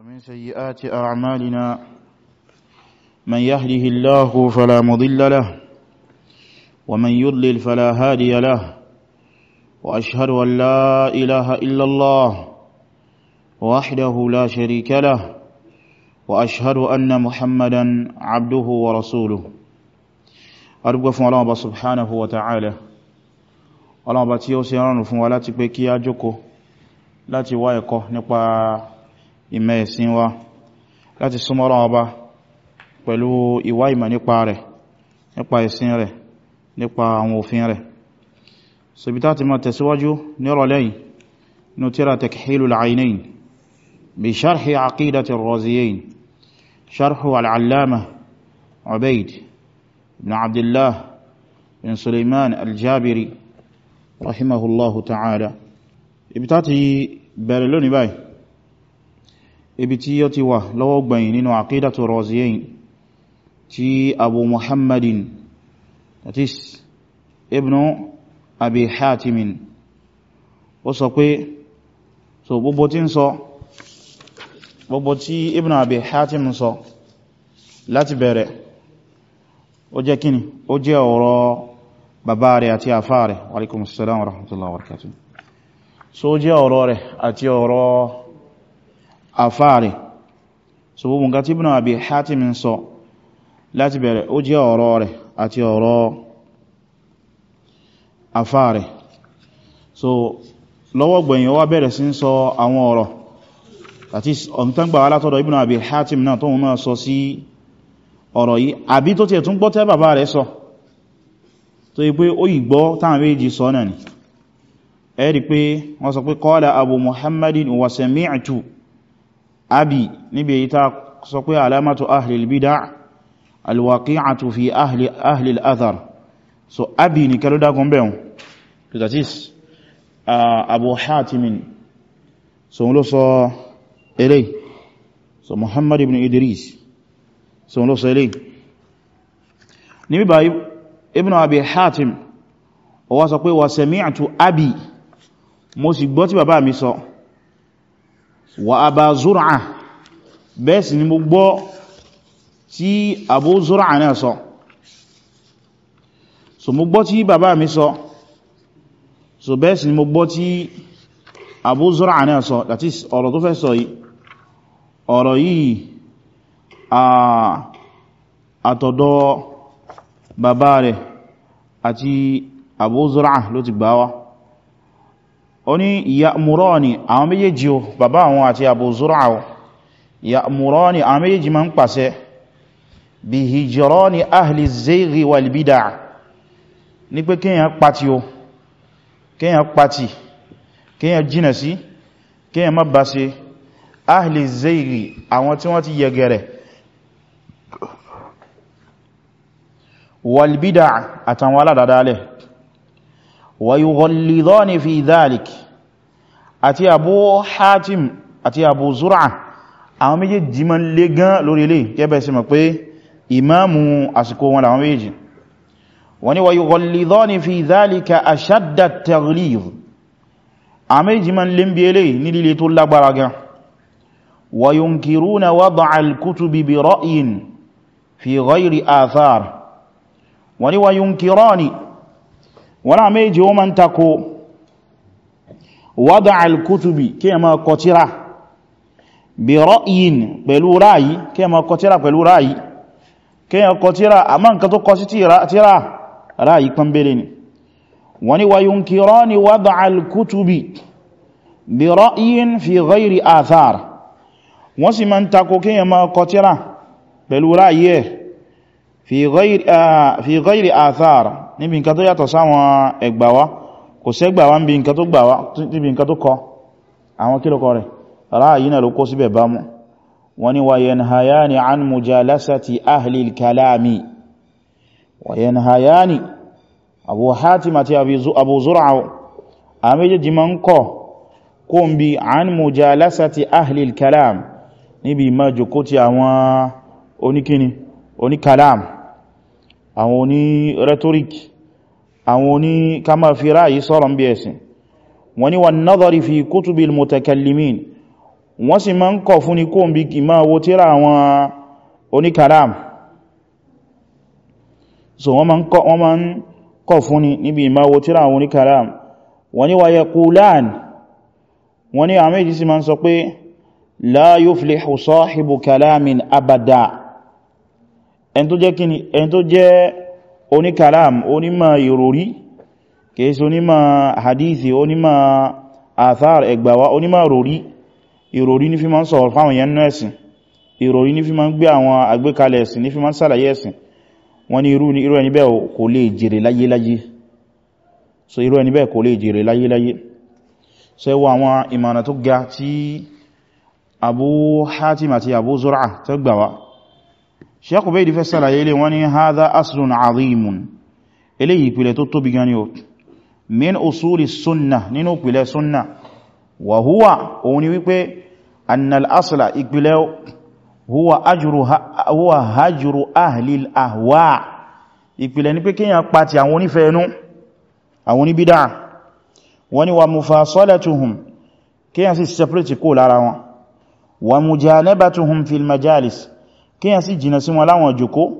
ومن سيئات أعمالنا من يهده الله فلا مضل له ومن يضلل فلا هادي له وأشهد أن لا إله إلا الله وحده لا شريك له وأشهد أن محمدا عبده ورسوله أرجو فún الله سبحانه وتعالى الله باتي يوسي رانو fún wa láti pé kí a jókòó láti wá ẹ̀kọ́ nípa ìmẹ́ ẹ̀sìn wa láti súnmọ́ra ọba pẹ̀lú ìwá ìmọ̀ nípa rẹ̀ nípa ẹ̀sìn rẹ̀ nípa àwọn òfin rẹ̀ so ibi táti ma tẹ̀síwájú nírọ̀lẹ́yìn ní tíra Takhilul Aynayn bí sharhi aqidati ar-Raziyayn sharhu al-allama Ubayd ibn Abdillah rahimahullahu ta'ala ibi táti bẹ̀rẹ̀ lónìí báyìí ibi tí yóò ti wà lọ́wọ́ gbẹ̀yìn nínú àkídàtò rọ̀zíyìn tí abu muhammadin that is ibn abi hatimin ó sọ pé so gbogbo tí ń sọ gbogbo tí ibn abi hatim sọ láti bẹ̀rẹ̀ ó jẹ́ kíni ó jẹ́ ọ̀rọ̀ bàbá rẹ̀ àti àfá rẹ̀ wa afá rẹ̀ so gbogbo nǹkan tí Ibn Abi Hatim ń sọ láti bẹ̀rẹ̀ ó jẹ́ ọ̀rọ̀ rẹ̀ àti ọ̀rọ̀ afá rẹ̀ so lọ́wọ́ gbẹ̀yìn ó wá bẹ̀rẹ̀ sí ń sọ àwọn ọ̀rọ̀ àti ọ̀ntángbà alátọ́dọ̀ Ibn Abi Hatim náà tóhun náà sọ sí ọ̀rọ̀ yìí àbí tó tiẹ̀ tún gbọ́ tẹ́ bàbá rẹ̀ sọ tó yí pé ó ìgbọ́ táwọn méjì sọ náà ni ẹ̀rí pé wọ́n sọ pé qala Abu Muhammadin wa sami'tu abi níbi èyí ta sọ pé alamatu ahli albida alwaqi'atu fi ahli ahli al-athar so abi ni kalo da gun beun that is uh, abu hatimin so lo sọ ele so muhammad ibn idris so lo sọ ele níbi báyìí ibn abi hatim ó wá sọ pé wa sami'tu abi mo sì gbọ́ tí bàbá mi sọ so, wa abá zúrà bẹ́ẹ̀ sì ni mo gbọ́ tí abó zúrà náà sọ so mo gbọ́ tí bàbá mi sọ so bẹ́ẹ̀ sì ni mo gbọ́ tí abó zúrà náà sọ that is ọ̀rọ̀ tó fẹ́ sọ yìí ọ̀rọ̀ yìí àtọ̀dọ̀ bàbá rẹ̀ àti abó zúrà ló ti gbáwàá ó ní ya'murani àwọn méjèèjì o bàbá àwọn àti Abu Zur'a o ya'murani àwọn méjèèjì ma ń pàṣẹ bí hijrani ahli zayri wal bid'a ní pé kíyàn pàtí o kíyàn pàtí kíyàn jìnà sí kíyàn má bá ṣe ahli zayri àwọn tí wọ́n ti yẹgẹrẹ wal bid'a àtàwọn aládàdálẹ̀ ويغلظان في ذلك àti Abu Hatim àti Abu Zur'a àwọn méjèèjì ma ń lé gán lórí ilé gẹ́bẹ̀ sí mọ̀ pé ìmáàmù àsìkò wọn làwọn méjèèjì wọ́n ni wa yughallidhani fi dhalika ashadda at-taghlidh àwọn méjèèjì ma ń lé bí ilé ní tó lágbára gan wọ́n náà méjì wọ́n máa ń takò wádà alkutubi kí ẹ máa kọtíra bí ra'yin pẹ̀lú ra'ayi kí ẹ máa kọtíra pẹ̀lú ra'ayi kí ẹ kọtíra a máa nǹkan tó kọ sí tíra ra'ayi pẹ̀mbẹ̀lẹ̀ ni wọ́n ni wáyún kírọ́ ni wádà alkutubi bí ra'yin fi ghairi athar wọ́n sì máa ń takò kí ẹ máa kọtíra pẹ̀lú ra'ayi ẹ̀ fi ghairi ah, athar níbi nǹkan tó yàtọ̀ sáwọn ẹgbàwá kò sẹ́gbàwá níbi nǹkan tó gbàwá níbi nǹkan tó kọ àwọn kílòkọ rẹ̀ ráàyí náà ló kó síbẹ̀ bá mú wọ́n ni wa yanhayani an mujalasati ahli al-kalami wa yanhayani abu hatim àti abu zur'aw a méjèjì ma ń kọ kó ń bi an mujalasati ahli al-kalam níbi ìmájòkó ti àwọn oníkíni oníkalam àwọn oní rhetoric àwọn oní kama fi ráyí sọ́rọ̀ bí ẹ̀sìn wọ́n ní wọ́n nadhari fi kutubil mutakallimin wọ́n sì máa ń kọ̀ fún ní kóòmbí ìmá owó tíra àwọn oní kalam so wọ́n máa ń kọ̀ fún ní níbi ìmá tíra àwọn oní kalam wọ́n ní wa yaqulan wọ́n ní àmì ìjísí máa ń sọ pé la yuflihu sahibu kalamin abada ẹn tó jẹ́ kíni ẹn tó jẹ́ oníkàlám onímọ̀ ìròrí kèèsì onímọ̀ hadithi onímọ̀ athar ẹgbàwá onímọ̀ ìròrí ìròrí ní fi ma ń sọ̀rọ̀ fáwọn èèyàn nínú ẹ̀sìn ìròrí ní fi ma ń gbé àwọn àgbékalẹ̀ ẹ̀sìn ní fi ma ń sàlàyé ẹ̀sìn wọ́n ní irú ẹni bẹ́ẹ̀ so irú ẹni bẹ́ẹ̀ kò lè so ẹwọ àwọn ìmọ̀nà tó Abu Hatim àti Abu Zur'a tó Sheikh Ubaydi fẹ́ sàlàyé ilé wọ́n ní hadha aslun azimun ilé ìpìlẹ̀ tó tóbi gan ni ó min usuli sunna nínú ìpìlẹ̀ sunna wa huwa òun ni wípé annal asla ìpìlẹ̀ huwa ajru huwa hajru ahli al-ahwa ìpìlẹ̀ ni pé kíyàn pàtí àwọn onífẹ́ẹnú àwọn oníbídá wọ́n ni wa mufasalatuhum kíyàn sì separate kó lára wọn wa mujanabatuhum fil majalis kí yẹn sì jìnà sí wọn láwọn jòkó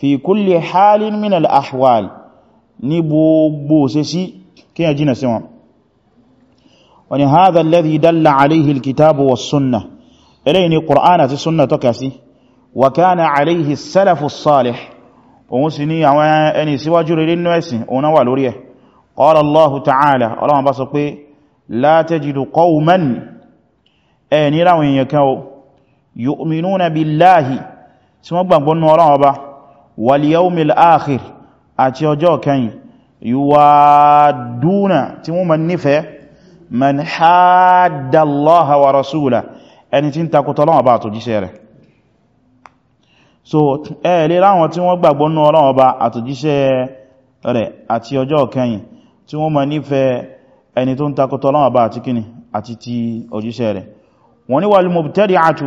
fi kulli halin min al-ahwal ní gbogbo ṣe sí kí yẹn jìnà sí wọn wani hadha alladhi dalla alayhi al-kitabu wa sunna eléyìí ni qur'an àti sunna tọ́ka sí wa kana alayhi as-salafu as-salih òun àwọn ẹni síwájú rere nínú ẹ̀sìn òun náà wà lórí ẹ̀ qala Allahu ta'ala ọlọ́wọ́n bá sọ pé la tajidu qawman ẹ̀ ráwọn èèyàn kan yu'minuna billahi tí wọ́n gbàgbọ́ nínú Ọlọ́run Ọba wal yawmil akhir àti ọjọ́ kẹyìn yuwadduna tí wọ́n man nífẹ́ man hadda Allaha wa rasula ẹni tí ń takùtọ̀ Ọlọ́run Ọba àtòjíṣẹ́ rẹ̀ so ẹ lè ráwọn tí wọ́n gbàgbọ́ nínú Ọlọ́run Ọba àtòjíṣẹ́ rẹ̀ àti ọjọ́ kẹyìn nífẹ́ ẹni tó ń takùtọ̀ Ọlọ́run Ọba kíni àti ti òjíṣẹ́ rẹ̀ wọ́n ni wal mubtadi'atu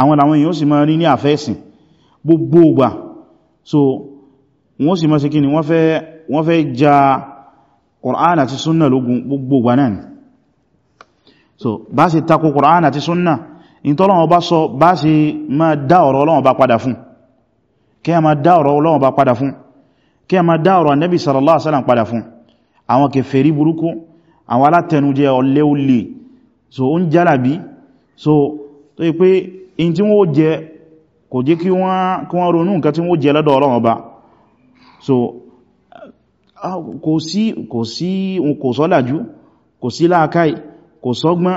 àwọn làwọn èèyàn sì máa rí ní àfẹ́sìn gbogbo ìgbà so wọ́n sì máa ṣe kíni wọ́n wọ́n fẹ́ ja Qur'an àti súnnà lógun gbogbo ìgbà náà ni so bá sì takò Qur'an àti súnnà in tọ́lọ́wọ́ bá sọ bá sì máa dá ọ̀rọ̀ Ọlọ́run bá padà fún kí a máa dá ọ̀rọ̀ Ọlọ́run bá padà fún kí a máa dá ọ̀rọ̀ padà fún àwọn kèfèrí burúkú àwọn alátẹnujẹ ọlẹ́ olè so ó ń jálàbí so tó yí pé in tí wọ́n jẹ kò jẹ́ kí wọ́n ronú nǹkan tí wọ́n jẹ lọ́dọ̀ Ọlọ́run Ọba so kò sí kò sí kò sọ́làjú kò sí láàkáì kò sọ́gbọ́n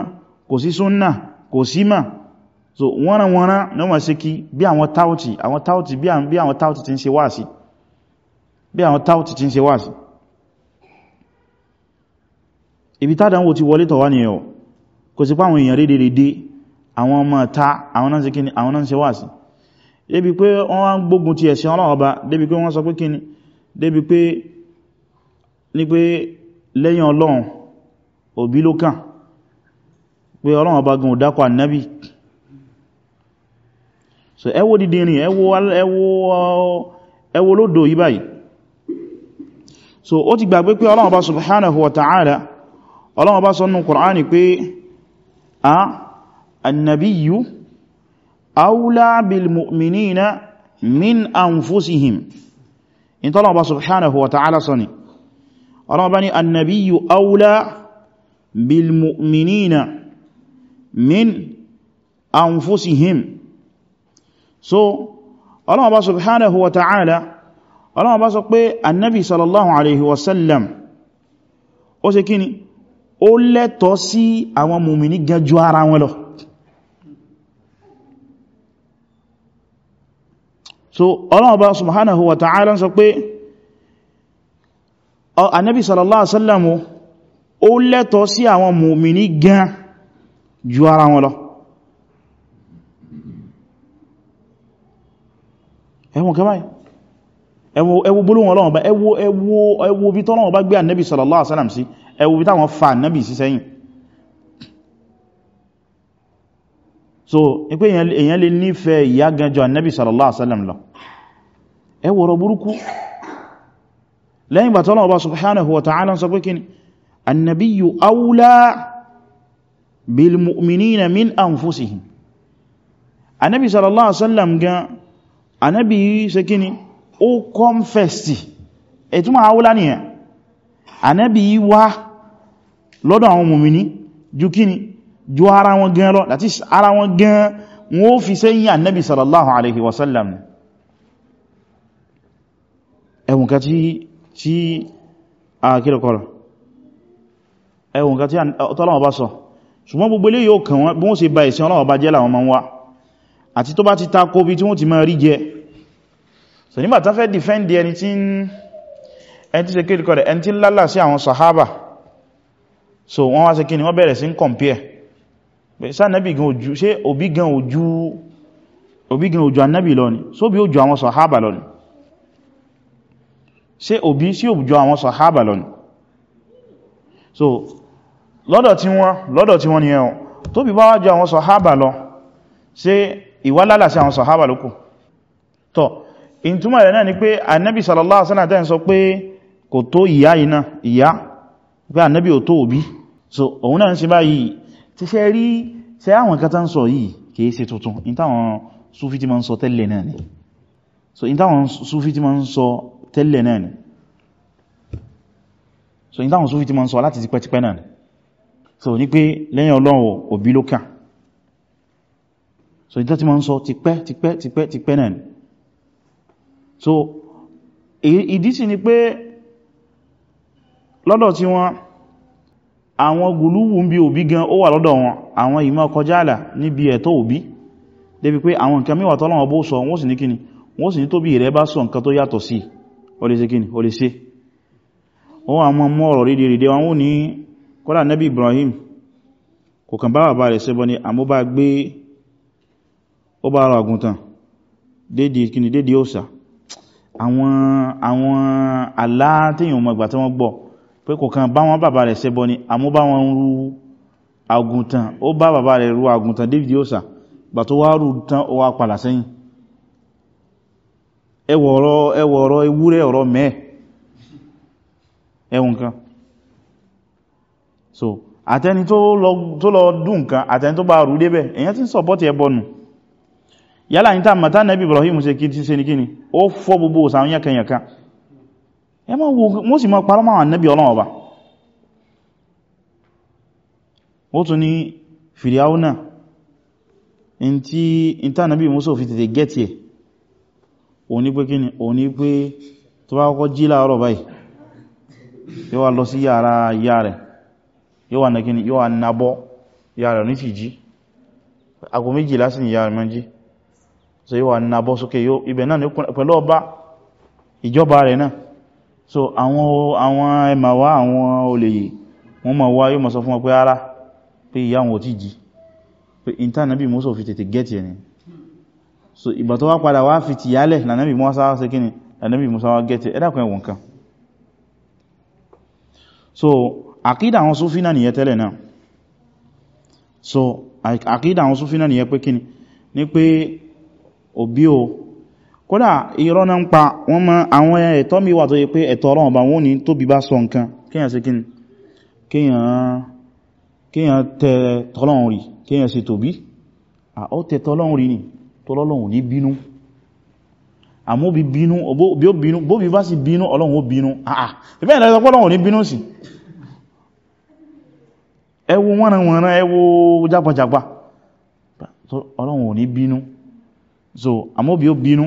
kò sí súnnà kò sí mà so wọ́nranwọ́nran náà wọ́n ṣe kí bí àwọn táùtì àwọn táùtì bí àwọn táùtì ti ń ṣe wáàsí bí àwọn táùtì ti ń ṣe wáàsí ibi tádàwò ti wọlé tọ̀wá nìyẹn kò sí pàwọn èèyàn rédèrèdè àwọn ọmọ ta àwọn náà ṣe kíni àwọn náà ṣe wáàsí débi pé wọ́n wá ń gbógun ti ẹ̀sìn Ọlọ́run Ọba débi pé wọ́n sọ pé kíni débi pé ní pé lẹ́yìn Ọlọ́run òbí ló kàn pé Ọlọ́run Ọba gan òdákọ ànábì so ẹwọ dìde rìn ẹwọ lódò yí báyìí so ó ti gbàgbé pé Ọlọ́run Ọba subhanahu wa ta'ala Ọlọ́run Ọba sọ nínú Qur'ani pé a ah, النبي أولى بالمؤمنين من أنفسهم إن طلع الله سبحانه وتعالى صني ربني النبي أولى بالمؤمنين من أنفسهم so Allah bá subhanahu wa ta'ala Allah bá sọ pé annabi sallallahu alaihi wasallam ó ṣe kíni ó lẹ́tọ̀ọ́ sí àwọn mùmìnì gajú ara wọn lọ so Ọlọ́run Ọba subhanahu wa ta'ala sọ pé Ànábì sallallahu alaihi wasallam ó lẹ́tọ̀ọ́ sí àwọn mùmínì gan ju ara wọn lọ ẹwọ̀n kẹwàá ẹwọ gbólóhùn Ọlọ́run Ọba ẹwọ bí tọ́lọ́run Ọba gbé Ànábì sallallahu alaihi wasallam sí ẹwọ bí táwọn fa Ànábì sí sẹ́yìn so pé èyàn lè nífẹ̀ẹ́ ìyá ganjọ annabi sallallahu alaihi wasallam lọ ẹ wọ̀rọ̀ burúkú lẹ́yìn gbàtọ́lọ̀ ọba subhanahu wa ta'ala sọ pé kí ni annabiyu aula bil mu'minina min anfusihim annabi sallallahu alaihi wasallam gan annabi ṣe kí ni ó kọ́nfẹ̀sì ẹ̀túnmà aula nìyẹn annabi wá lọ́dọ̀ àwọn mu'mini ju kí ju ara wọn gan lọ that is ara wọn gan wọn ó fi sẹ́yìn annabi sallallahu alaihi wasallam ẹwùn ká tí a kílẹ̀ kọ́rọ̀ ẹwùn ká tí ọ̀tọ́lọ́wọ́ bá sọ ṣùgbọ́n gbogbo ilé yóò kàn wọ́n bí wọ́n ṣe ba ìsìn ọlọ́wọ́ bá jẹ́ láwọn ma ń wá àti tó bá ti tako bí tí wọ́n ti ma rí jẹ so nígbà tá fẹ́ defend anything tí ẹni tí ṣe kílẹ̀ kọ́rọ̀ ẹni tí lálà sí àwọn sahaba so wọ́n wá ṣe kí ni wọ́n bẹ̀rẹ̀ compare sáànàbì gan ojú ṣe òbí gan ojú òbí gan ojú annabi lọ ni so bí ojú àwọn sọ̀hábà lọ ni ṣe òbí sí ojú àwọn sọ̀hábà lọ ni so lọ́dọ̀ tí wọ́n lọ́dọ̀ tí wọ́n ni ẹ̀hùn tó bí bá wájú àwọn sọ̀hábà lọ ṣe ìwálálà sí àwọn sọ̀hábà lókù tọ́ ìtumọ̀ rẹ̀ náà ni pé annabi sallallahu alaihi wasallam tẹ́ sọ pé kò tó ti ṣe rí ṣe àwọn kan tán sọ yìí kìí ṣe tuntun in táwọn ti ma ń sọ tẹ́lẹ̀ náà ni so in táwọn súfí ti ma ń sọ tẹ́lẹ̀ náà ni so in táwọn súfí ti ma ń sọ láti tipẹ́tipẹ́ náà ni so ní pé lẹ́yìn ọlọ́run òbí ló kàn so in tó ti ma ń sọ tipẹ́ so ìdí sì ni pé lọ́dọ̀ tí wọ́n àwọn gùlúwù ń bí òbí gan ó wà lọ́dọ̀ wọn àwọn ìmọ̀ kọjá àlà níbi ẹ̀tọ́ òbí débi pé àwọn nǹkan mẹ́wàá tọ́lọ́wọ́ bó sọ wọ́n sì ní kíni wọ́n sì ní tó rẹ̀ bá sọ nǹkan tó yàtọ̀ sí ó kíni ó lè ṣe ó ọ̀rọ̀ rídì Ibrahim kò kàn bá bàbá rẹ̀ ṣẹbọ ni àmọ́ bá gbé ó bá ara àgùntàn dédì kíni pé kò kan bá wọn bàbá rẹ̀ ni àmú bá wọn rú ó bá bàbá rẹ̀ rú david osa gbà tó wá rú tán ó wá padà sẹ́yìn ẹwọ̀ mee ewúrẹ́ ọ̀rọ̀ mẹ́ ẹwùn kan so àtẹni tó lọ dùn kan àtẹni tó bá rú débẹ̀ èyàn tí ń ẹ mọ́ wo wọ́n sì mọ́ parọ́ nẹ́bí ọlọ́wọ́ bá ó tún ní fìdíáúnà in tí ànábì Mùsá fi tètè gẹ́tì ẹ̀ òní pé kíni òní pé tó bá kọ́kọ́ jí láàárọ̀ báyìí yóò lọ sí yàrá ìyá rẹ̀ yóò wá nàkíní yóò nàbọ́ ìyá rẹ̀ ní sì jí méjì lásìn ìyá rẹ̀ mọ́ jí so yóò nàbọ́ sókè yóò ibẹ̀ náà ní pẹ̀lú ọba ìjọba rẹ̀ náà so àwọn àwọn ẹmà wá àwọn olè yìí wọ́n ma wá yóò ma sọ fún wọn pé ara pé ìyá wọn tí jí pé ìntànàbí mọ́sọ̀ fi tètè gẹ́tì ẹni so ìgbà tó wá padà wá fi ti yálẹ̀ lànàbí mọ́ sáwá sí kíni lànàbí mọ́ sáwá gẹ́tì ẹ̀dàkùn ẹ̀wọ̀n kan so àkídà àwọn súfí náà nìyẹn tẹ́lẹ̀ so àkídà àwọn súfí náà nìyẹn pé kíni ní pé kódà irọ́ ń pa wọ́n mọ́ àwọn ẹ̀tọ́ mi wà tó yẹ pé ẹ̀tọ́ ọ̀rọ̀ ọba wọn ò ní tóbi bá sọ nǹkan kíyàn sí kíni kíyàn tẹ tọ́lọ́run rí kíyàn sí tóbi ó tẹ tọ́lọ́run rí ni tọ́lọ́run ní bínú àmọ́ bí bínú ọlọ́run wo wọ́n ran ẹ wo jágbàjàgbà ọlọ́run ò ní bínú so àmọ́ ó bínú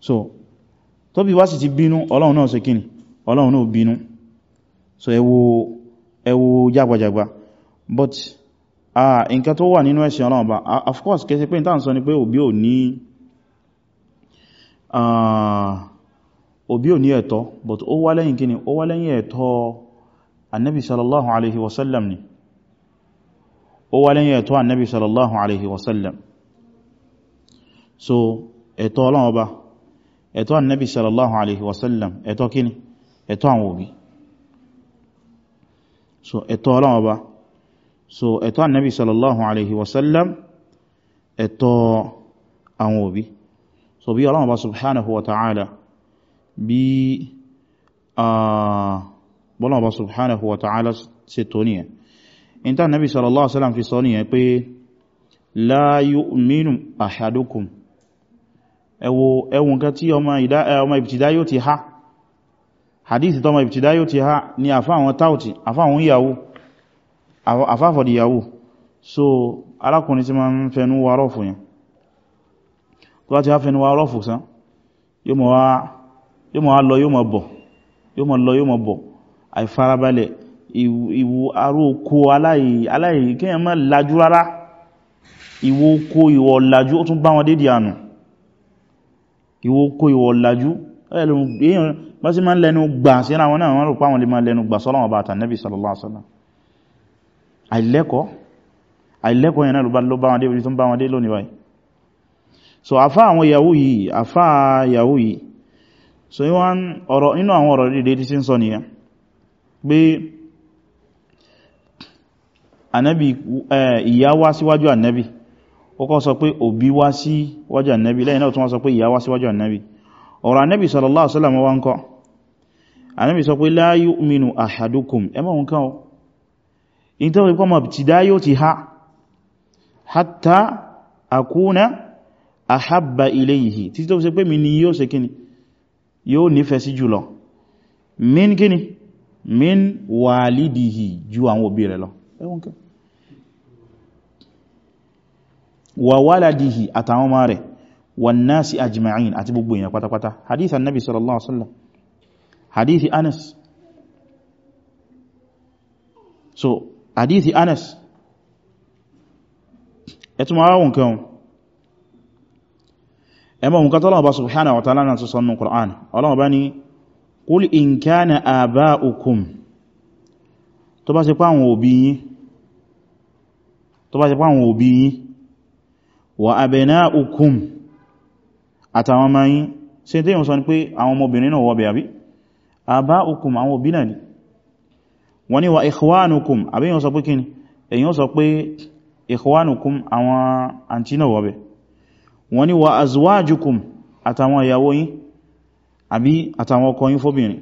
so tó bí wá sì ti bínú ọlọ́run náà ṣe kíni ọlọ́run náà bínú so ẹwọ ẹwọ jagbajagba but ah nǹkan tó wà nínú ẹ̀sìn ọlọ́run ba of course kẹsẹ pé ìtàn sọ ni pé òbí ò ní òbí ò ní ẹ̀tọ́ but ó wá lẹ́yìn kíni ó wá lẹ́yìn ẹ̀tọ́ annabi sallallahu alaihi wasallam ni ó wá lẹ́yìn ẹ̀tọ́ annabi sallallahu alaihi wasallam so ẹ̀tọ́ ọlọ́run ọba ẹ̀tọ́ annabi sallallahu alaihi wasallam ẹ̀tọ́ kíni ẹ̀tọ́ àwọn òbí so ẹ̀tọ́ Ọlọ́run Ọba so ẹ̀tọ́ annabi sallallahu alaihi wasallam ẹ̀tọ́ àwọn òbí so bí Ọlọ́run Ọba subhanahu wa ta'ala bí Ọlọ́run Ọba subhanahu wa ta'ala ṣe tó níyẹn in ta annabi sallallahu alaihi wasallam fi sọ ẹwọ ẹwọ nǹkan tí ọmọ ìbìtìdá yóò ti ha hadithi tọmọ ìbìtìdá yóò ti ha ni àfá àwọn tauti àfá àwọn ìyàwó àfá àfọ̀dì ìyàwó so alákùnrin tí ma ń fẹnu wa rọ́fù yẹn tó bá ti ha fẹnu wa rọ́fù sán yóò mọ̀ wá lọ yóò mọ̀ bọ̀ yóò mọ̀ lọ yóò mọ̀ bọ̀ àìfarabalẹ̀ ìwò aró oko aláì kéèyàn má lajú rárá ìwò oko ìwọ̀ lajú ó tún bá wọn dédìí ìwọ kó ìwọ lajú èyàn bá sí máa lẹ́nu gbà sí ara wọn náà wọ́n rò pé àwọn lè máa lẹ́nu gbà sọ́lọ́wọ́ bá àtànẹ́bì sallallahu alaihi wasallam àìlẹ́kọ̀ọ́ àìlẹ́kọ̀ọ́ so afá àwọn yahoo yìí afá yahoo yìí so wọ́n ọ̀rọ̀ inú àwọn ọ̀rọ̀ dédé tí sí ń sọ nìyẹn pé ànábì ìyá wá síwájú ànábì ó kọ́ sọ pé òbí wá sí wájú ànábì lẹ́yìn náà tún wá sọ pé ìyá wá sí wájú ànábì ọ̀rọ̀ ànábì sallallahu alaihi wasallam wá ń kọ́ ànábì sọ pé la yu'minu ahadukum ẹmọ́ òun kan o in tó rí pọ́mọ̀ ti akuna ahabba ilayhi títí tó ṣe pé mi ni yóò ṣe kíni yóò nífẹ̀ẹ́ sí jùlọ min kíni min wàlídìhì ju àwọn òbí rẹ̀ lọ ẹwọ́n kan wa waladihi àtàwọn ọmọ rẹ̀ wan nasi ajma'in àti gbogbo èèyàn pátápátá hadith annabi sallallahu alaihi wasallam hadith anas so hadith anas ẹtù ma wọ́n kan ẹmọ òun kátọ́lọ̀ ọba subhanahu wa ta'ala náà sọ́nà Qur'an ọlọ́wọ́ bá ní qul in kana aba'ukum tó bá ṣe pàwọn òbí yín wa abna'ukum àtàwọn ọmọ yín ṣe tí yíò sọ ní pé àwọn ọmọbìnrin náà wọ́bẹ̀ àbí aba'ukum àwọn òbí náà ni wọ́n ni wa ikhwanukum àbí yíò sọ pé kí ni èyàn sọ pé ikhwanukum àwọn àntí náà wọ́bẹ̀ wọ́n ni wa azwajukum àtàwọn ìyàwó yín àbí àtàwọn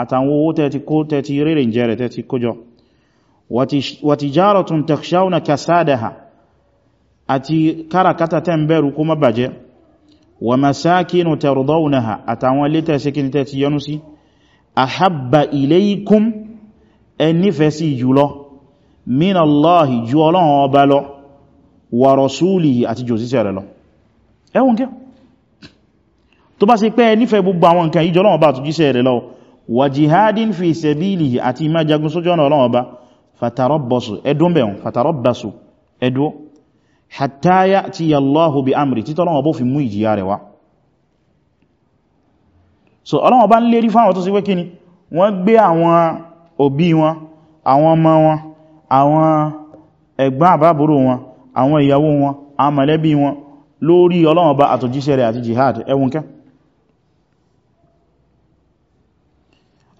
àtàwọn owó tẹ́ti kó tẹ́ti rírìn jẹ́rẹ̀ tẹ́ti kójọ wa tijaratun takhshawna kasadaha àti káràkátà tẹ́ ń bẹ̀rù kó má bàjẹ́ wa masakinu tardawnaha àtàwọn ilé tẹ́ síkín tẹ́ti yọnú tó bá ṣe pé nífẹ̀ẹ́ gbogbo àwọn nǹkan ìjọlọ́wọ́ bá tó jíṣẹ́ rẹ̀ lọ́wọ́ wa jihadin fi sabilihi àti ma jagun sójú ọ̀nà Ọlọ́run Ọba fatarabbasu ẹdún bẹ̀rún fatarabbasu ẹdún hatta ya'tiya Allahu bi amri títọ́ Ọlọ́run Ọba ó fi mú ìjìyà rẹ̀ so Ọlọ́run Ọba ń lérí fáwọn tó sí wékí ni wọ́n gbé àwọn òbí wọn àwọn ọmọ wọn àwọn ẹ̀gbọ́n àbábúrò wọn àwọn ìyàwó wọn àwọn mọ̀lẹ́bí wọn lórí Ọlọ́run Ọba àtòjíṣẹ́ rẹ̀ àti jihad ẹwùnkẹ́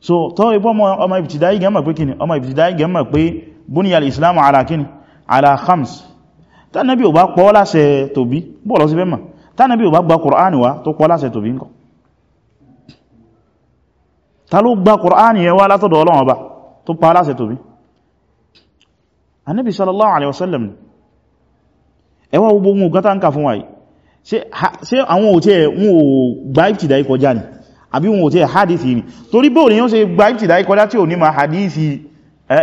so tó ibọ́ ọmọ ibtidai gẹ́mà pé kíni ọmọ ibtidai gẹ́mà pé bóníyà islam ala kíni ala khams tánàbí ò bá pọ́ láṣẹ tòbí bọ́ọ̀lọ́ sí fẹ́mà tánàbí ò bá gba kùránì wá tó pọ́ láṣẹ tòbí nǹkan ta ló gba kùránì yẹn wá látọ̀dọ̀ ọlọ́run ọba tó pa láṣẹ tòbí àbí wọn ò tí ẹ̀ hadithi ni torí bóòlù yíó ṣe gba ìtìdá ikọ́lá tí ò ní ma hadithi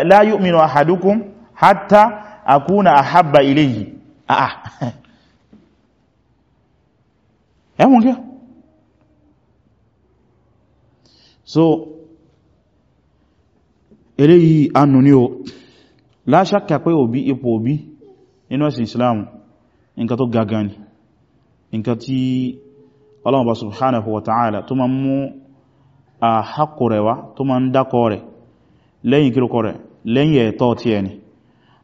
la yu'minu ahadukum hatta akuna ahabba ilayhi àà ah, ah. ẹ̀wọ̀n kí so eléyìí annu ni o la shakka pé Islam nǹkan tó gaga nǹkan tí ọlọ́wọ́ba subhanahu wa ta'ala tó ma mú a haqqo rẹ̀ wá tó ma ń dákọ rẹ̀ lẹ́yìn kílùkọ rẹ̀ lẹ́yìn ẹ̀tọ́ ti ẹni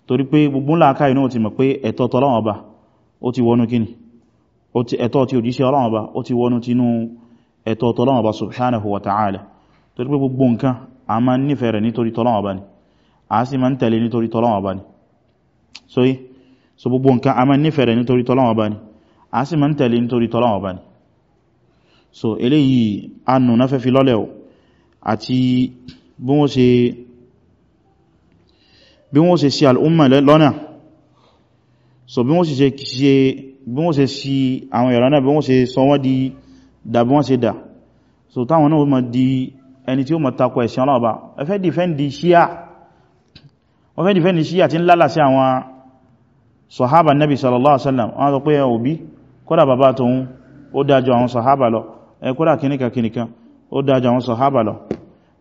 torí pé gbogbo láàká inú ti mọ̀ pé ẹ̀tọ́ tọ́lọ́wọ́ba ó ti wọnú kíni ẹ̀tọ́ ti òjíṣẹ́ ọlọ́wọ́ba ó ti wọnú tinú ẹ̀tọ́ tọ́lọ́wọ́ba subhanahu wa ta'ala torí pé gbogbo nǹkan a ma nífẹ̀ẹ́ rẹ̀ nítorí tọ́lọ́wọ́ba so eléyìí anù náà fẹ́ fi lọ́lẹ̀ o àti bí wọ́n ṣe bí wọ́n ṣe sí al'umma lọ́nà so bí wọ́n ṣe ṣe bí wọ́n ṣe sí àwọn ẹ̀rọ náà bí wọ́n ṣe sọ wọ́n di dà bí wọ́n ṣe dà so táwọn náà ma di ẹni tí ó ma takọ ẹ̀sìn ọlọ́ọ̀bá ẹ fẹ́ dìfẹ́ndì ṣíà wọ́n fẹ́ dìfẹ́ndì ṣíà tí ń lálà sí àwọn sọ̀hábà nabi sallallahu alaihi wasallam wọ́n sọ pé ẹ̀ òbí kọ́dà bàbá tóun ó dájọ àwọn sọ̀hábà ẹkúrà kìníkà kìníkà ó dájà wọn sàhábà lọ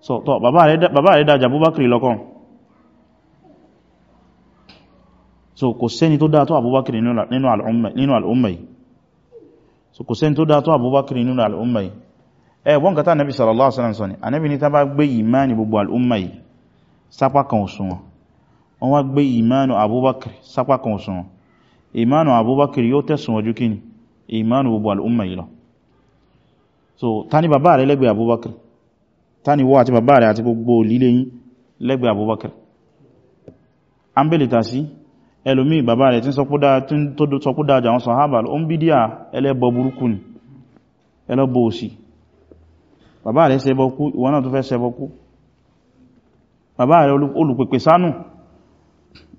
so tọ́ bàbá rẹ̀ dájà abúbákìrì lọ́kàn so kò sẹ́ni tó dáa tó abúbákìrì nínú al'umma yìí so kò sẹ́ni tó dáa tó abúbákìrì nínú al'umma yìí ẹgbọ́n kata nabi sallallahu alaihi wasallam sọ́ni anabi ni ta bá gbé ìmáni gbogbo al'umma yìí sápá kan òsùnwọ̀n wọ́n wá gbé ìmánu abúbákìrì sápá kan òsùnwọ̀n ìmánu abúbákìrì yóò tẹ̀sùn ojú kíni ìmánu gbogbo al'umma so tani ni bàbá rẹ̀ lẹ́gbẹ̀ẹ́ Abubakar Tani ni wọ́ àti bàbá rẹ̀ àti gbogbo lílé yín lẹ́gbẹ̀ẹ́ Abubakar an bèlè ta sí ẹlòmí bàbá rẹ̀ tí ń sọpọ́ dáa àwọn sọ̀hábà ó ń bídíà ẹlẹ́bọ burúkú ni ẹlẹ́bọ òsì bàbá rẹ̀ sẹ́bọkú ìwọ náà tó fẹ́ sẹ́bọkú bàbá rẹ̀ olùpèpè sánù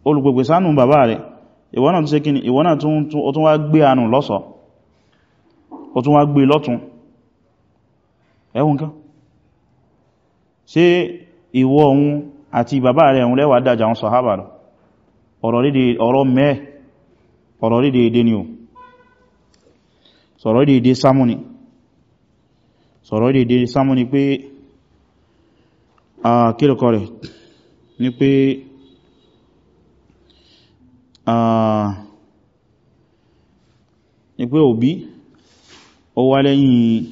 olùpèpè sánù bàbá rẹ̀ ìwọ náà tó sẹ́kíní ìwọ náà wá gbé ànù lọ́sọ̀ọ́ tún wá gbé lọ́tún ẹwùn kan ṣe ìwọ ohun àti bàbá rẹ̀ ohun lẹ́wà dájà wọn sọ̀hábà lọ ọ̀rọ̀ mẹ́ ọ̀rọ̀ rí dédé ni o sọ̀rọ̀ dédé sámúni sọ̀rọ̀ dédé sámúni pé kílùkọ rẹ̀ ni pé ni pé òbí ó wá lẹ́yìn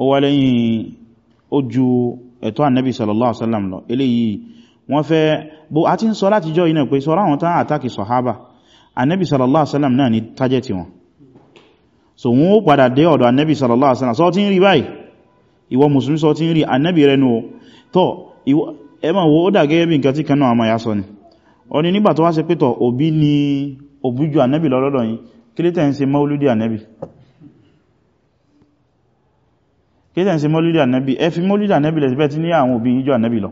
ó wá lẹ́yìn ó ju ẹ̀tọ́ ànábì sallallahu alaihi wasallam lọ eléyìí wọ́n fẹ́ bó a ti ń sọ láti jọ iná pé sọ ráwọn tán àtàkì sọ̀hábà ànábì sallallahu alaihi náà ni tájẹ́tì wọn so wọ́n ó padà dé ọ̀dọ̀ ànábì sallallahu alaihi wasallam sọ tí ń rí báyìí ìwọ mùsùlùmí sọ tí ń rí ànábì rẹ̀ nù tọ́ ẹmọ̀ wo ó dàgẹ́ bí nǹkan tí kanáà àmà ya sọ ni ọ ni nígbà tó wá ṣe pé tọ̀ mauludi ànábì kéjẹ́ ṣe mọ́lúdì ànábì ẹ fi mọ́lúdì ànábì lẹ́sìbẹ́ tí ní àwọn òbí ìjọ ànábì lọ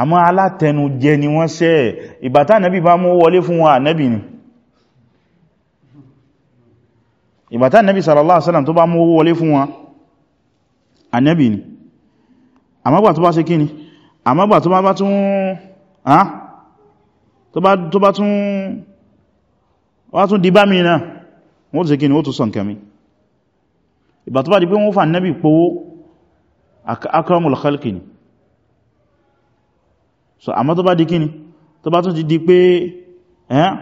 àmọ́ alátẹnujẹ ni wọ́n ṣe ìbátá ànábì bá mú wọlé fún wọn ànábì ni ìbátá ànábì sallallahu alaihi wasallam tó bá mú wọlé fún wọn ànábì ni àmọ́gbà tó bá ṣe kíni àmọ́gbà tó bá tún tó bá tún wá tún di bá mi náà wọ́n tó ṣe kíni wọ́n tó sọ nkẹ́mi ìgbà tó bá di pé wọ́n fà nẹ́bì pòwó akramul khalqi ni so àmọ́ tó bá di kíni tó bá tún ti di pé ẹ́n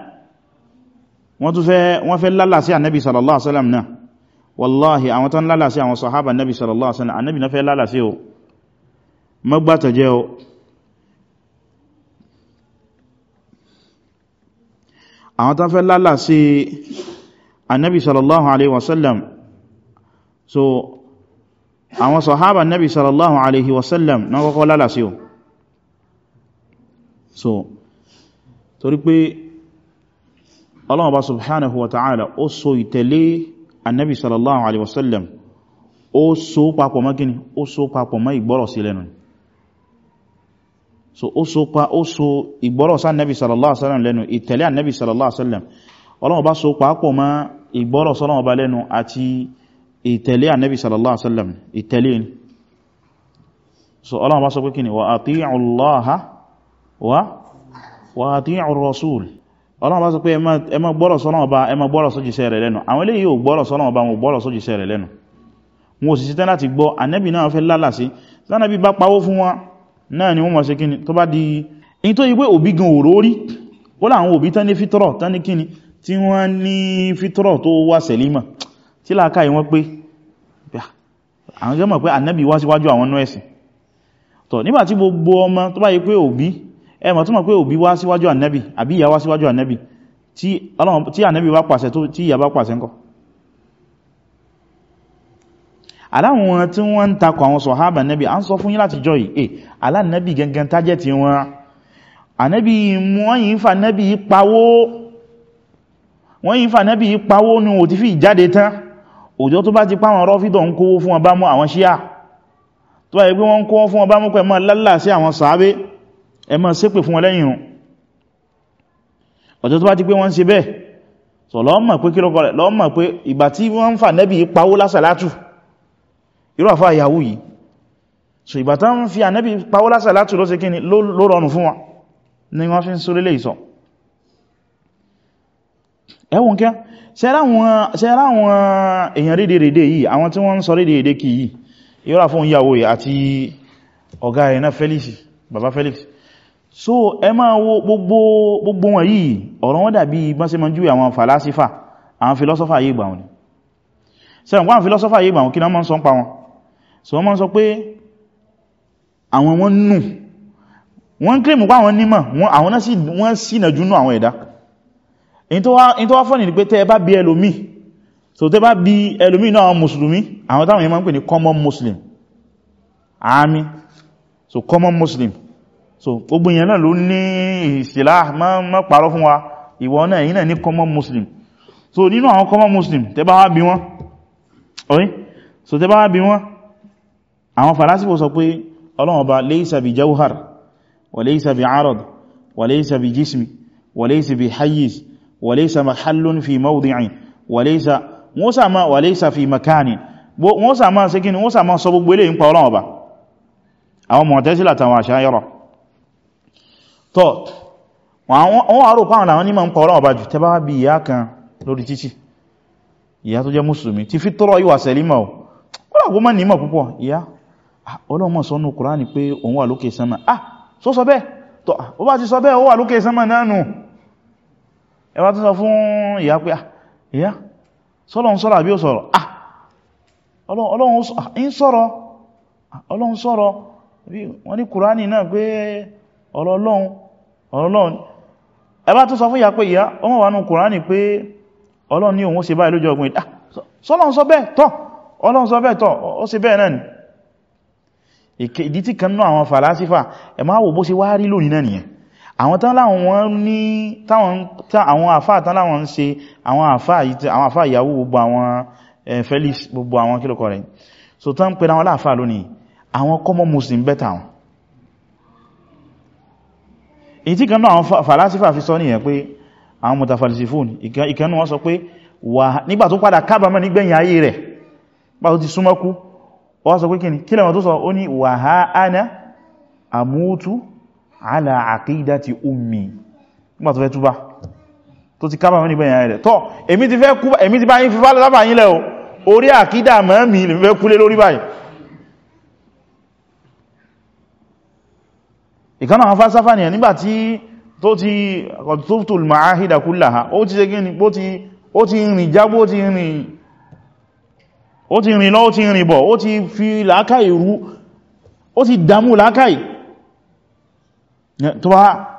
wọ́n tún fẹ́ wọ́n fẹ́ lálà sí ànẹ́bì sallallahu alaihi wasallam náà wallahi àwọn tán lálà sí àwọn sahaba ànẹ́bì sallallahu alaihi wasallam ànẹ́bì náà fẹ́ lálà sí o mọ́gbàtàjẹ́ o sallallahu alaihi wasallam so àwọn sọ̀hábà nabi sallallahu alaihi wasallam na kọ́kọ́ lálàsí o so torí pé ọlọ́wọ́ba subhanahu wa ta'ala ó so ìtẹ̀lé annabi sallallahu alaihi wasallam ó so papọ̀ mọ́ kíni ó so papọ̀ mọ́ ìgbọ́rọ̀ sí lẹ́nu so ó so pa ó so ìgbọ́rọ̀ sí annabi sallallahu alaihi wasallam lẹ́nu ìtẹ̀lé annabi sallallahu alaihi wasallam ọlọ́wọ́ba so papọ̀ mọ́ ìgbọ́rọ̀ sọ́lọ́wọ́ba lẹ́nu àti ìtẹ̀lé ànábì sallallahu alaihi wasallam ìtẹ̀lé ni so ọlọ́run bá sọ pé kíni wa ati'u Allaha wa wa ati'u rasul ọlọ́run bá sọ pé ẹ má gbọ́rọ̀ sọ́nà ọba ẹ má gbọ́rọ̀ sójíṣẹ́ rẹ̀ lẹ́nu àwọn eléyìí ò gbọ́rọ̀ sọ́nà ọba wọn gbọ́rọ̀ sójíṣẹ́ rẹ̀ lẹ́nu wọn ò sì ṣetán láti gbọ́ ànábì náà fẹ́ lálàsí tánàbí bá pawó fún wọn náà ni wọ́n mọ̀ sí tí wọ́n ní fítọ́rọ̀ tó wà sẹ̀límà tí láàká ìwọ́n pé àwọn jẹ́ mọ̀ pé ànábì wá síwájú àwọn nọ́ẹ̀sìn tọ̀ nígbàtí gbogbo ọmọ tó bá yí pé òbí ẹmọ̀ tó mọ̀ pé òbí wá síwájú ànábì àbí ìyá wá síwájú ànábì tí ànábì bá pàṣẹ tí ìyá bá pàṣẹ ńkọ́ aláwọn tí wọ́n ń takọ̀ àwọn sọ̀hábà nẹ́bì a ń sọ fún yín láti jọ yìí alánẹ́bì gangan tájẹ́ ti wọn ànẹ́bì wọ́n yìí ń fa nẹ́bì pawó wọ́n yìí ń fa pawó ní òtífì jáde tán òjò tó bá ti pàwọn rọ́fídọ̀ ń kówó fún ọba mú àwọn ṣíà tó bá yẹ pé wọ́n kówó fún ọba mú pẹ̀mọ́ lálà sí àwọn sàábé ẹmọ́ ṣépè fún ọlẹ́yìn rùn òjò tó bá ti pé wọ́n ṣe bẹ́ẹ̀ sọ lọ́mọ̀ pé kí lọ́kọ̀ rẹ̀ lọ́mọ̀ pé ìgbà tí wọ́n ń fà nẹ́bì pawó lásàlátù irú àfà ìyàwó yìí so ìgbà tán ń fi ànẹ́bì pawó lásàlátù ló ṣe kí ni ló rọrùn fún wọn ni wọ́n ẹwùn kẹ́ ṣẹ́rá àwọn èèyàn rédè rédè yìí àwọn tí wọ́n ń sọ rédè rédè kì yìí yọ́ra fún ìyàwó rẹ̀ àti ọ̀gá rẹ̀ náà Felix bàbá Felix so ẹ máa wo gbogbo wọn yìí ọ̀rọ̀ wọn dàbí gbọ́nsẹ́mọ́jú àwọn fàlásífà àwọn filosofa yìí gbà wọn sẹ́wọ̀n wọ́n filosofa yìí gbà wọn pa wọn so wọ́n mọ́ sọ pé àwọn wọn nù wọ́n ń kílèmù àwọn ẹ̀dá in tó wá fọ́nì ní pé tẹ́ bá bí ẹlòmí so tẹ́ bá bí ẹlòmí náà mùsùlùmí àwọn táwọn yẹn máa ń pè ní common muslim àmì so common muslim so gbogbo yẹn náà ló ní ìsìlá má parọ́ fún wa ìwọ náà yìí náà ní common muslim so nínú àwọn common muslim tẹ́ bá bí wọn orí so tẹ́ bá bí wọn àwọn falasifo sọ pé ọlọ́wọ́n ba laysa bi jawhar wa laysa bi arad wa laysa bi jismi wa laysa bi hayyiz وليس محل في موضع وليس موسى ما وليس في مكان موسى ما سكن موسى ما سبب بلي ان قولون با àwọn mu'tazila tàwọn ashayira tó wọ́n wá rò pa àwọn ni ma ń qolon ba ju tẹ́ bá bi ìyá kan lórí títì ìyá tó jẹ́ muslimi tí fi toro ìwà selima o wọ́n ko ma ni mo púpọ̀ ìyá ah, Ọlọ́run mo sọ nu qur'ani pé òun wà lókè sánmà ah sọ sọ bẹ́ẹ̀ tó ah, ó bá ti sọ bẹ́ẹ̀ ó wà lókè sánmà nanu ẹwà ah, ah, ah, tó sọ fún ìyá pé ìyá sọ́lọ̀ ń sọ́rọ̀ àbí ò sọ̀rọ̀ ah ọlọ́run sọ̀rọ̀ ọlọ́run sọ̀rọ̀ wọ́n ní kùránì náà pé ọlọ́run ẹbá tó sọ fún ìyá pé ìyá ọmọ wà nù kùránì pé ọlọ́run ní òun ṣe báyìí lójú ọgbìn ah sọ́lọ́run sọ bẹ́ẹ̀ tọ́ ọlọ́run sọ bẹ́ẹ̀ tọ́ ó sì bẹ́ẹ̀ náà ni ìdí tí kan náà àwọn fàlásífà ẹ máa wò bó ṣe wá rí lónìí náà àwọn tán láwọn wọ́n ní àwọn àfáà tán láwọn ń ṣe àwọn àfáà ìyàwó gbogbo àwọn Felix gbogbo àwọn kílùkọ rẹ̀ so tán pẹ̀lú àwọn láàfáà lónìí àwọn kọmọ muslim bẹ́ta wọn èyí tí kan náà àwọn fàlásífà fi sọ ní ẹ̀ pé àwọn mutafalsifun ìkẹnu wọ́n sọ pé nígbà tó padà kábàmọ́ nígbẹ̀yìn ayé rẹ̀ ala aqidati ummi nígbà tó fẹ́ túbá tó ti kábà mẹ́rin bẹ̀yàn rẹ̀ tọ́ èmi ti fẹ́ kú èmi ti bá yín fi fálẹ̀ lábà yín lẹ́ o orí àkídà mẹ́mí lè fẹ́ kúlé lórí báyìí ìkánà àwọn fásáfà nìyàn nígbàtí tó ti ọ̀tọ́tùl ma'áhídà kullaha ó ti segin ni ó ti rìn jágbó ó ti rìn lọ ó ti rìn bọ̀ ó ti fi làákàì rú ó ti dàmú làákàì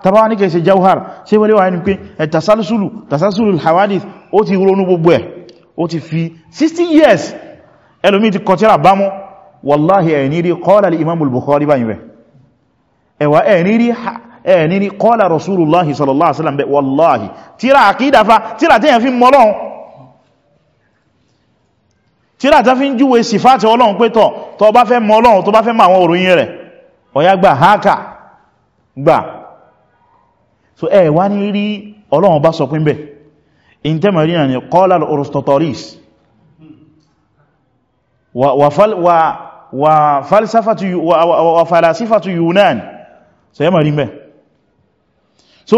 tọba ní kẹsẹ̀ jauhar ṣe wọlé wà ní pé e ẹ̀tàsálùsùlù tàsálùsùlù hawadith ó ti ronú gbogbo ẹ̀ ó ti fi 60 years ẹlòmí ti kọtíra bámú wallahi ẹ̀ní e rí qala l'imam al-bukhari báyìí rẹ̀ ẹwà ẹ̀ní rí qala rasulullahi sallallahu alaihi wasallam bẹ̀ wallahi tíra àkídàfà tíra tẹ́yàn fi mọ́lọ́un tíra ta fi ń júwe sífàtì ọlọ́run pé tọ́ tó bá fẹ́ mọ́lọ́run tó bá fẹ́ mọ́ àwọn gbà so ẹ wá ní rí ọlọ́run bá sọ pín bẹ̀ in tẹ́ marina ni qala Aristotelis wa falasifatu Yunan so yẹ marin bẹ̀ so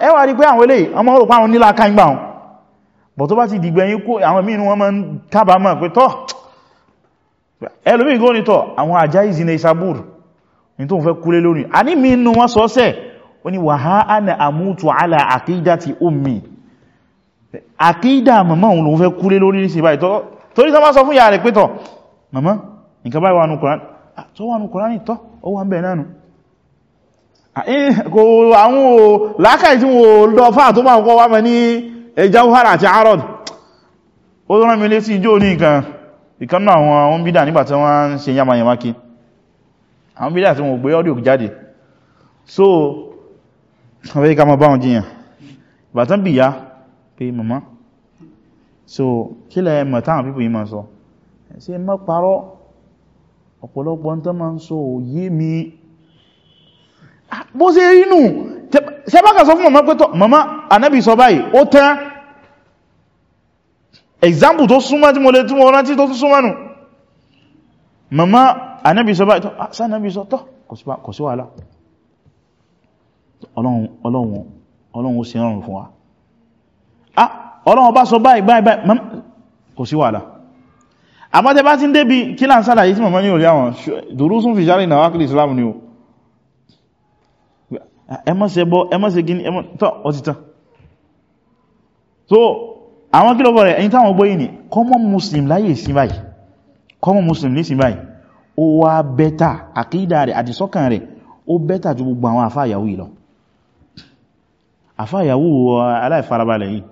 ẹ wá rí pé àwọn ilé ọmọ orùpa àwọn nílá ká ìgbà wọn bọ̀ tó bá ti dìgbẹ̀ yín kó àwọn mínú wọn máa ń kábàámọ̀ pé tọ́ ẹlòmí gónítọ̀ àwọn àjá ìzìnà ìsàbúrù ní tó ń fẹ́ kúlé lónìí a ní mi inú wọn sọ́sẹ̀ ó ní wàhá ánà àmútu àlà àkídà ti omi àkídà màmá òun lòun fẹ́ kúlé lórí ní síbáyì torí tó má sọ fún ìyá rẹ̀ pétọ̀ màmá nǹkan báyìí wà nù Kùránì tó wà nù Kùránì tọ́ ó wà ah, eh, ń bẹ̀ nánu àwọn làákàí tí wọ́n lọ fáà tó máa kọ́ wá mẹ́ ní Jawhara àti àwọn bídá tí wọ́n gbé audio jáde so wọ́n fẹ́ ká mọ́ bá wọn jiyàn ìbàtán bí ya pé mama so kí lẹ́ mọ̀ táwọn pípò yí ma sọ sí mọ́ parọ́ ọ̀pọ̀lọpọ̀ ń tán ma ń sọ òyí mi ah, bó ṣe rínú sẹ́bàkà sọ fún mama pẹ́tọ̀ mama anábì sọ báyìí ó tán example tó súnmọ́ anábi sọ báyìí tọ́ sánábi ah, sọ tọ́ kò sí wàhálà ọlọ́run ó sì rọrùn fún wa ah ọlọ́run bá sọ báyìí báyìí báyìí kò sí wàhálà àbátẹ bá ti ń débi kí láà ń sálàyé tí mọ̀mọ́ ní orí àwọn durusun fi jari na wákìlì islam ni o ẹmọ́sẹ̀ bọ́ ẹmọ́sẹ̀ gini tọ́ ọtítàn so àwọn kílọ̀bọ̀ rẹ̀ ẹni táwọn gbóyìn ni common muslim láyé sí báyìí common muslim ní sí báyìí ó wá bẹ́tà àkídà rẹ̀ àdìsọ́kàn rẹ̀ ó bẹ́tà ju gbogbo àwọn àfá ìyàwó ìlọ àfá ìyàwó aláìfarabalẹ̀ yìí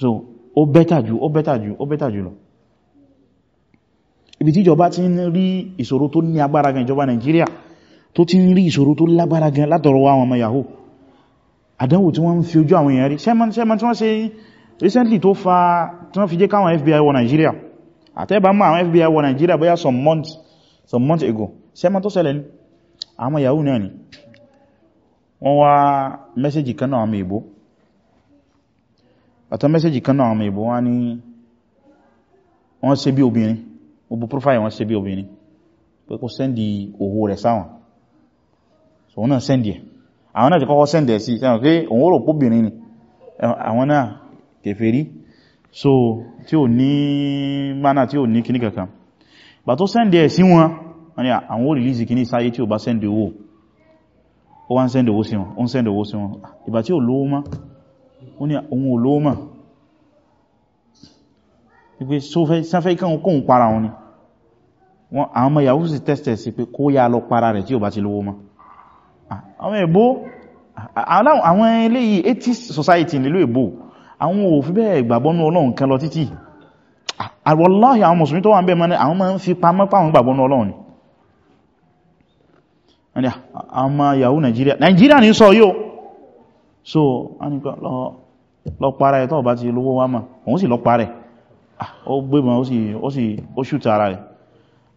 so ó bẹ́tà jù ó bẹ́tà jù ó bẹ́tà jù lọ ibi tí ìjọba ti ń rí ìṣòro tó ní agbára gan ìjọba Nàìjíríà tó ti ń rí ìṣòro tó lágbára gan látọ̀rọ̀ àwọn ọmọ yahoo àdánwò tí wọ́n ń fi ojú àwọn èèyàn rí sẹ́mọ́ tí wọ́n ṣe recently tó fa tí wọ́n fi jẹ́ káwọn FBI wọ Nàìjíríà àtẹ́bà mọ́ àwọn FBI wọ Nigeria bóyá some months some months ago sẹ́mọ́ tó ṣẹlẹ̀ ní àwọn yahoo náà ni wọ́n wá mẹ́sẹ̀jì kan náà àmì ìbò àtọ́ mẹ́sẹ̀jì kan náà àmì ìbò wá ní wọ́n ṣe bí obìnrin gbogbo profile wọ́n ṣe bí obìnrin pé kó sẹ́ndì òhò rẹ̀ sáwọn so wọ́n náà sẹ́ndì ẹ̀ àwọn náà ti kọ́kọ́ sẹ́ndì ẹ̀ sí sẹ́wọ̀n so tí ò ní mana tí ò ní kíní kankan bà tó sẹ́ndì ẹ̀ sí wọn wọ́n àwọn olìlìsì kíní sáyé tí ò bá sẹ́ndì owó ó wá ń sẹ́ndì owó sí wọn ó ń sẹ́ndì owó sí wọn ìbà tí ò lówó má ó ní ohun ò lówó má wípé sáfẹ́ ikẹ́ kóhun para wọn ni wọ́n àwọn ọmọ yahoo sì tẹ́sẹ̀ sí pé kó yá lọ para rẹ̀ tí ò bá ti lówó má àwọn èbó àwọn eléyìí 80 society nílùú èbó àwọn ò fi bẹ́ẹ̀ gbàgbọ́nú ọlọ́run kan lọ títí ah, wallahi àwọn mùsùlùmí tó wà ń bẹ mọ́ni àwọn máa ń fi pamọ́ pàwọn gbàgbọ́nú ọlọ́run ni àmà Nigeria Nigeria sọ yóò so a ní lọ para ẹ̀ tó bá ti lówó wá mà òun sì lọ para ẹ̀ ah, ó gbé mọ́ ó sì ó ṣùtà ara rẹ̀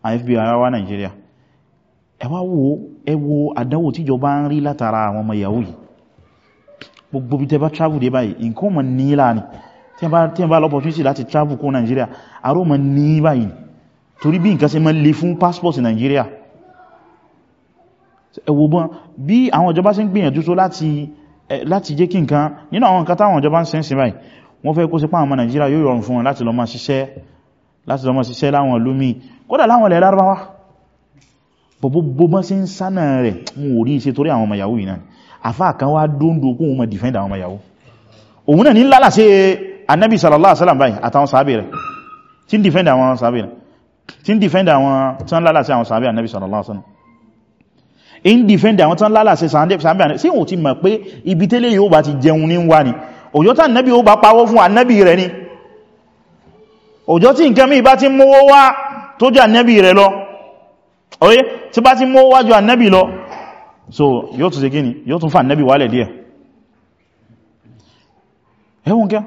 àfb ara wá Nigeria ẹ wá wo gbogbo bí tẹba travel dé báyìí nǹkan mọ̀ ní láàrin tí a bá l'opportunity láti travel kó Nigeria aró mọ̀ ní báyìí torí bí nǹkan ṣe mọ́ lè fún passport Nigeria ẹwọ́gbọ́n bí àwọn ìjọba ṣe ń gbìyànjú tó láti jẹ́ kí nǹkan nínú àwọn nǹkan táwọn ìjọba ń sẹ́nsìn báyìí wọ́n fẹ́ kó ṣe páwọn Nigeria yóò rọrùn fún wọn láti lọ máa ṣiṣẹ́ láti lọ máa ṣiṣẹ́ láwọn ìlú míì kódà láwọn ilẹ̀ lárúbáwá bọ̀bọ̀ bọ́ sí ń sánà rẹ̀ mú orí àwọn àfá kan wá dóndó kún ọmọ defend àwọn ọmọyàwó òun náà ní lálà sí annabi sallallahu alaihi wasallam báyìí àtàwọn sàábẹ̀ rẹ̀ tí ń defend àwọn sàábẹ̀ rẹ̀ tí ń sallallahu alaihi wasallam in defend àwọn tán lálà sí sàábẹ̀ rẹ̀ sí òun ti mọ̀ pé ibi tẹ́lẹ̀ yóò bá ti jẹun ní wà ní òjò tá annabi ó bá tí nǹkan míì bá ti mówó wá tó jẹ́ annabi rẹ̀ lọ oye tí bá ti mówó wájú annabi lọ so yóò tún ṣe gíní yóò tún fà nẹ́bí wálẹ̀ díẹ̀ ẹwùn kẹ́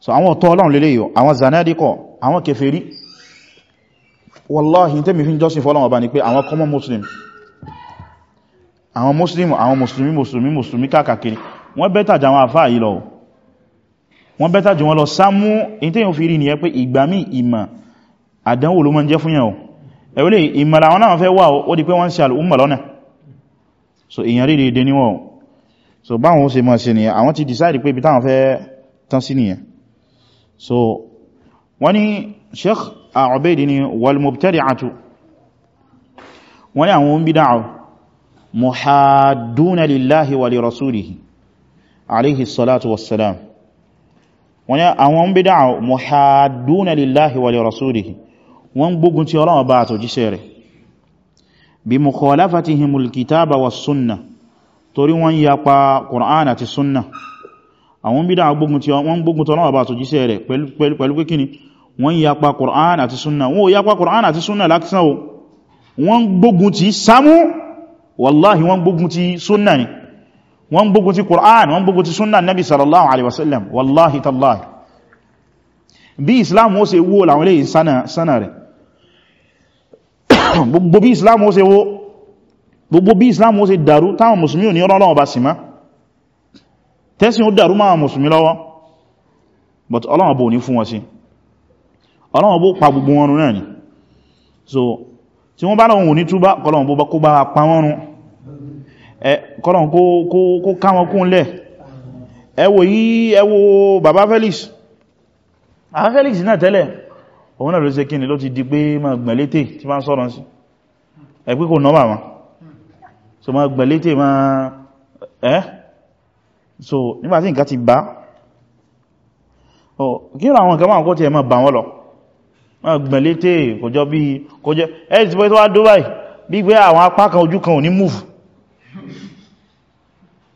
so àwọn ọ̀tọ́ ọlọ́run lélẹ̀ yóò àwọn zanadikọ̀ àwọn kèfèrí wallahi tẹ́mi fi jọ́sìn fọ́lọ́wọ́ bá ní pé àwọn common muslim àwọn muslim àwọn muslimi muslimi muslimi káàkiri wọ́n bẹ́tà jà wọn àfáà yìí lọ wọ́n bẹ́tà jù wọn lọ sámú ìtẹ́yìn fi rí ní ẹ pé ìgbàmí ìmà àdánwò ló mọ́ jẹ́ fún ẹ̀wọ́lẹ̀ ìmọ̀lá wọn náà fẹ́ wà ó di pé wọ́n sí al'umma lọ́nà so èyàn rí dédé níwọ̀n so báwọn ó ṣe mọ́ sí nìyàn àwọn ti decide pé ibi táwọn fẹ́ tán sí nìyàn so wọ́n ni sheikh Ubaydi ni walmubtadi'atu wọ́n ni àwọn bid'ah muhadduna lillahi wa li rasulihi alayhi salatu wassalam wọ́n ni àwọn bid'ah muhadduna lillahi wa li wọ́n gbógun ti Ọlọ́run bá àtòjíṣẹ́ rẹ̀ bí mukhalafatihimul kitaba was sunna torí wọ́n yapa Qur'an àti sunna àwọn bídá gbógun ti wọ́n gbógun ti Ọlọ́run bá àtòjíṣẹ́ rẹ̀ pẹ̀lú pé wọ́n yapa Qur'an àti àti sunna lákísán bí islam ó ṣe wó làwọn ilé ìsánà rẹ̀ gbogbo bí islam ó ṣe wó gbogbo bí islam ó ṣe dàrú táwọn musulmi ò ní rọ́lọ́wọ́ bá sì má tẹ́sí ó dàrú máa musulmi lọ́wọ́ but ọlọ́wọ́ bó ní fún wọn sí ọlọ́wọ́ bó pa gbogbo wọn náà ni so tí wọ́n bá lọ́wọ́ ní túbá kọlọ̀wọ́ bó kó bá pa wọn rún kọlọ̀wọ́ kó ká wọn kún lẹ̀ ẹ wò yí ẹ Felix bàbá Felix òun náà ló ṣe kí ló ti di pé ma gbẹ̀létè tí ma sọ́rọ̀ sí ẹgbẹ́ kò nọ́mà ma so ma gbẹ̀létè ma ẹ́ so nígbàtí nǹkan ti bá kí ra àwọn nǹkan máa kó ti ẹ̀ ma bà wọ́n lọ ma gbẹ̀létè kò jọ bí kò ẹ́ ti pẹ́ tó wá Dubai bí gbé àwọn apá kan ojú kan ò ní move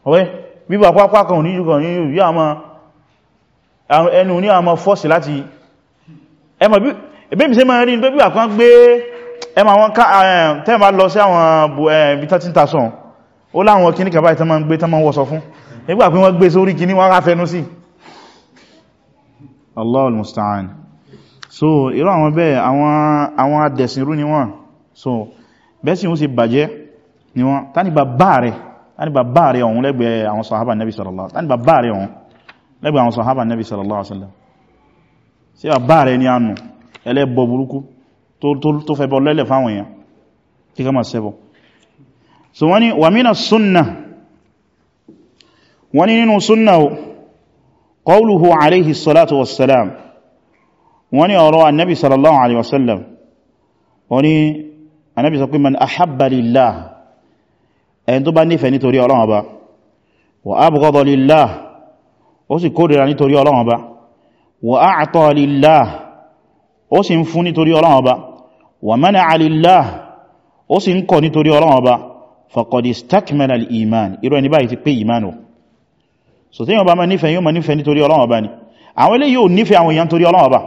ọ̀wẹ́ bí bàpá apá kan ò ní ojú kan ò ní yóò yá ẹnu ní láti ẹmọ̀ bí máa rí ní pé bí àkán gbé ẹmọ̀ àwọn tẹ́mà lọ sí àwọn bí tán ti ó láwọn kíní kàbáyì tán máa ń gbé tán máa wọ́sọ fún nígbà pé wọ́n gbé sórí kíní wọ́n ráfẹ́nú sí Allahul musta'an so irú àwọn bẹ́ẹ̀ àwọn adẹ̀sìnrú ni wọ́n so bẹ́ẹ̀ sì ń ṣe bàjẹ́ ni wọ́n tani bàbá rẹ̀ tani bàbá rẹ̀ ọ̀hún lẹ́gbẹ̀ẹ́ àwọn sàhábà nẹ́bí sallallahu tani bàbá rẹ̀ ọ̀hún lẹ́gbẹ̀ẹ́ àwọn sàhábà nẹ́bí sallallahu sí àbá rẹ̀ ní ànù ẹlẹ́bọ burúkú tó fẹ́ bọ́ lẹ́lẹ̀ fáwọn èèyàn tí ká máa ṣẹbọ so wọ́n ni wà mínà súnnà wọ́n ni nínú súnnà qawluhu alayhi salatu wassalam wọ́n ni ọ̀rọ̀ annabi sallallahu alayhi wasallam wọ́n ni annabi sọ pé man ahabba lillah ẹni tó bá nífẹ̀ẹ́ nítorí Ọlọ́run ọba wa abghada lillah ó sì kórìíra wa a'ta lillah ó sì ń fún nítorí Ọlọ́run Ọba wa mana'a lillah ó sì ń kọ̀ nítorí Ọlọ́run Ọba faqad istakmala al-iman irú ẹni báyìí ti pé iman o so tí yíò bá ma nífẹ̀ẹ́ yíò ma nífẹ̀ẹ́ nítorí Ọlọ́run Ọba ni àwọn ilé yíò nífẹ̀ẹ́ àwọn èèyàn torí Ọlọ́run Ọba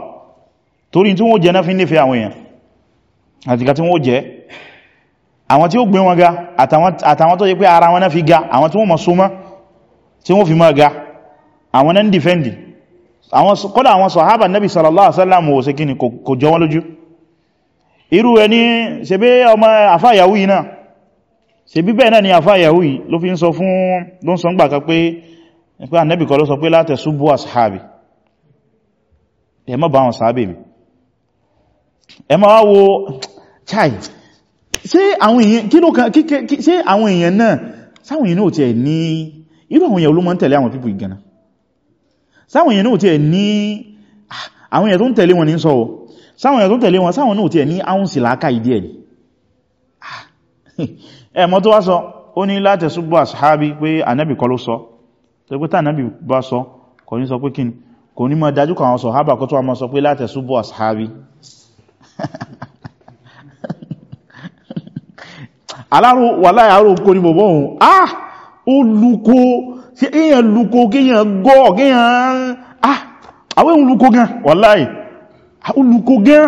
torí tí wọ́n jẹ náà fi nífẹ̀ẹ́ àwọn èèyàn àti tí wọ́n jẹ àwọn tí ó gbé wọn ga àtàwọn tó yẹ pé ara wọn náà fi ga àwọn tí wọ́n mọ̀ súnmọ́ tí wọ́n fi mọ́ ga àwọn náà ń dìfẹ́ndì kọ́dà àwọn sọ̀hábà nabi sallallahu alaihi wasallam wò sí kí ni kò jọ wọ́n lójú irú ẹ ní ṣe bí ọmọ àfáyàwó yìí náà ṣe bí bẹ́ẹ̀ náà ni àfáyàwó yìí ló fi ń sọ fún ló ń sọ ń gbà pé pé kọ́ ló sọ pé la ashabi ẹ má bá wọn sàábì chai ṣé àwọn èèyàn kí ló kan ṣé àwọn èèyàn náà sáwọn èèyàn náà ò tiẹ̀ ní irú sáwọn èèyàn náà tí ẹ̀ ní àwọn èèyàn tó ń tẹ̀lé wọn ní sọ́wọ́ sáwọn èèyàn tó ń tẹ̀lé wọn sáwọn náà tí ẹ̀ ní áhùn sí ìdí ẹ̀ ẹ̀mọ́ tó wá sọ ó ní láti ṣúgbọ́ àṣábí pé ànábì kọ́ sọ tó pé bá sọ kò sọ pé kín kò ní mọ́ dájú sọ hábà kó tó wọ́n sọ pé láti àṣábí alárò kò sí èyàn lukó kíyàn gọ́ kíyàn ah àwọn èyàn lukó gan wàláì olùkó gan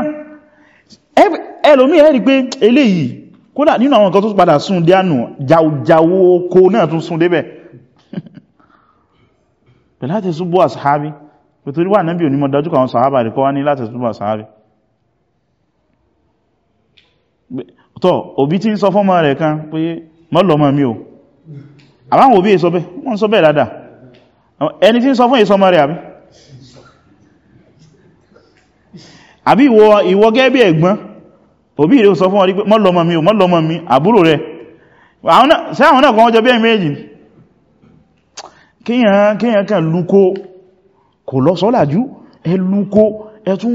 ẹlòmí ẹ̀rí pé eléyìí kódà nínú àwọn nǹkan tó padà sún dánù jàújàwó oko náà tún sún débẹ̀ pẹ̀lú láti súnbọ́ àsáhábí pẹ̀tòrí wà náà bí onímọ̀ dájú kàwọn sàhábà rẹ̀ kọ́ wá ní láti súnbọ́ àsáhábí tọ́ òbí tí ń sọ fọ́mọ rẹ̀ kan pé mọ́lọ́mọ́ mi ò àbáwọn òbí ìsọ́bẹ̀ wọ́n sọ bẹ́ẹ̀ dáadáa ẹni tí ń sọ fún ìsọmọ rẹ̀ àbí àbí ìwọ gẹ́ bí ẹ̀gbọ́n òbí ìrẹ́ sọ fún ọ rí pé mọ́lọmọ mi ò mọ́lọmọ mi àbúrò rẹ̀ sí àwọn náà kan ọjọ́ bí ẹ̀mẹ́jì kíyàn kan lúkó kò lọ sọ́làjú ẹ lúkó ẹ tún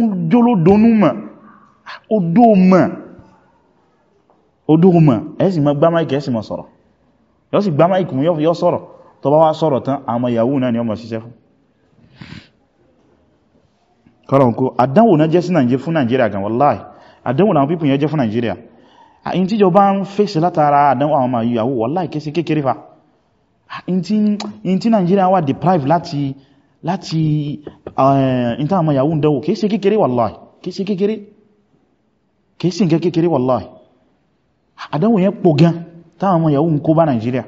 yóò sì gbámá ikùn yóò sọ̀rọ̀ tó bá wá sọ̀rọ̀ tán àmọ́ ìyàwó náà ni ọmọ ṣiṣẹ́ fún kọ́rọ̀nkó àdánwò náà jẹ́ sí nàìjíríà fún nàìjíríà gan wàláì àdánwò náà pípìn yẹ jẹ́ fún nàìjíríà in tí jọba ń fèsì látara àdánwò àwọn deprive láti láti in eh, tí àwọn ìyàwó ń dánwò kése kékeré wàláì kése kékeré kése nǹkan táwọn ọmọ yahoo ń kó bá Nigeria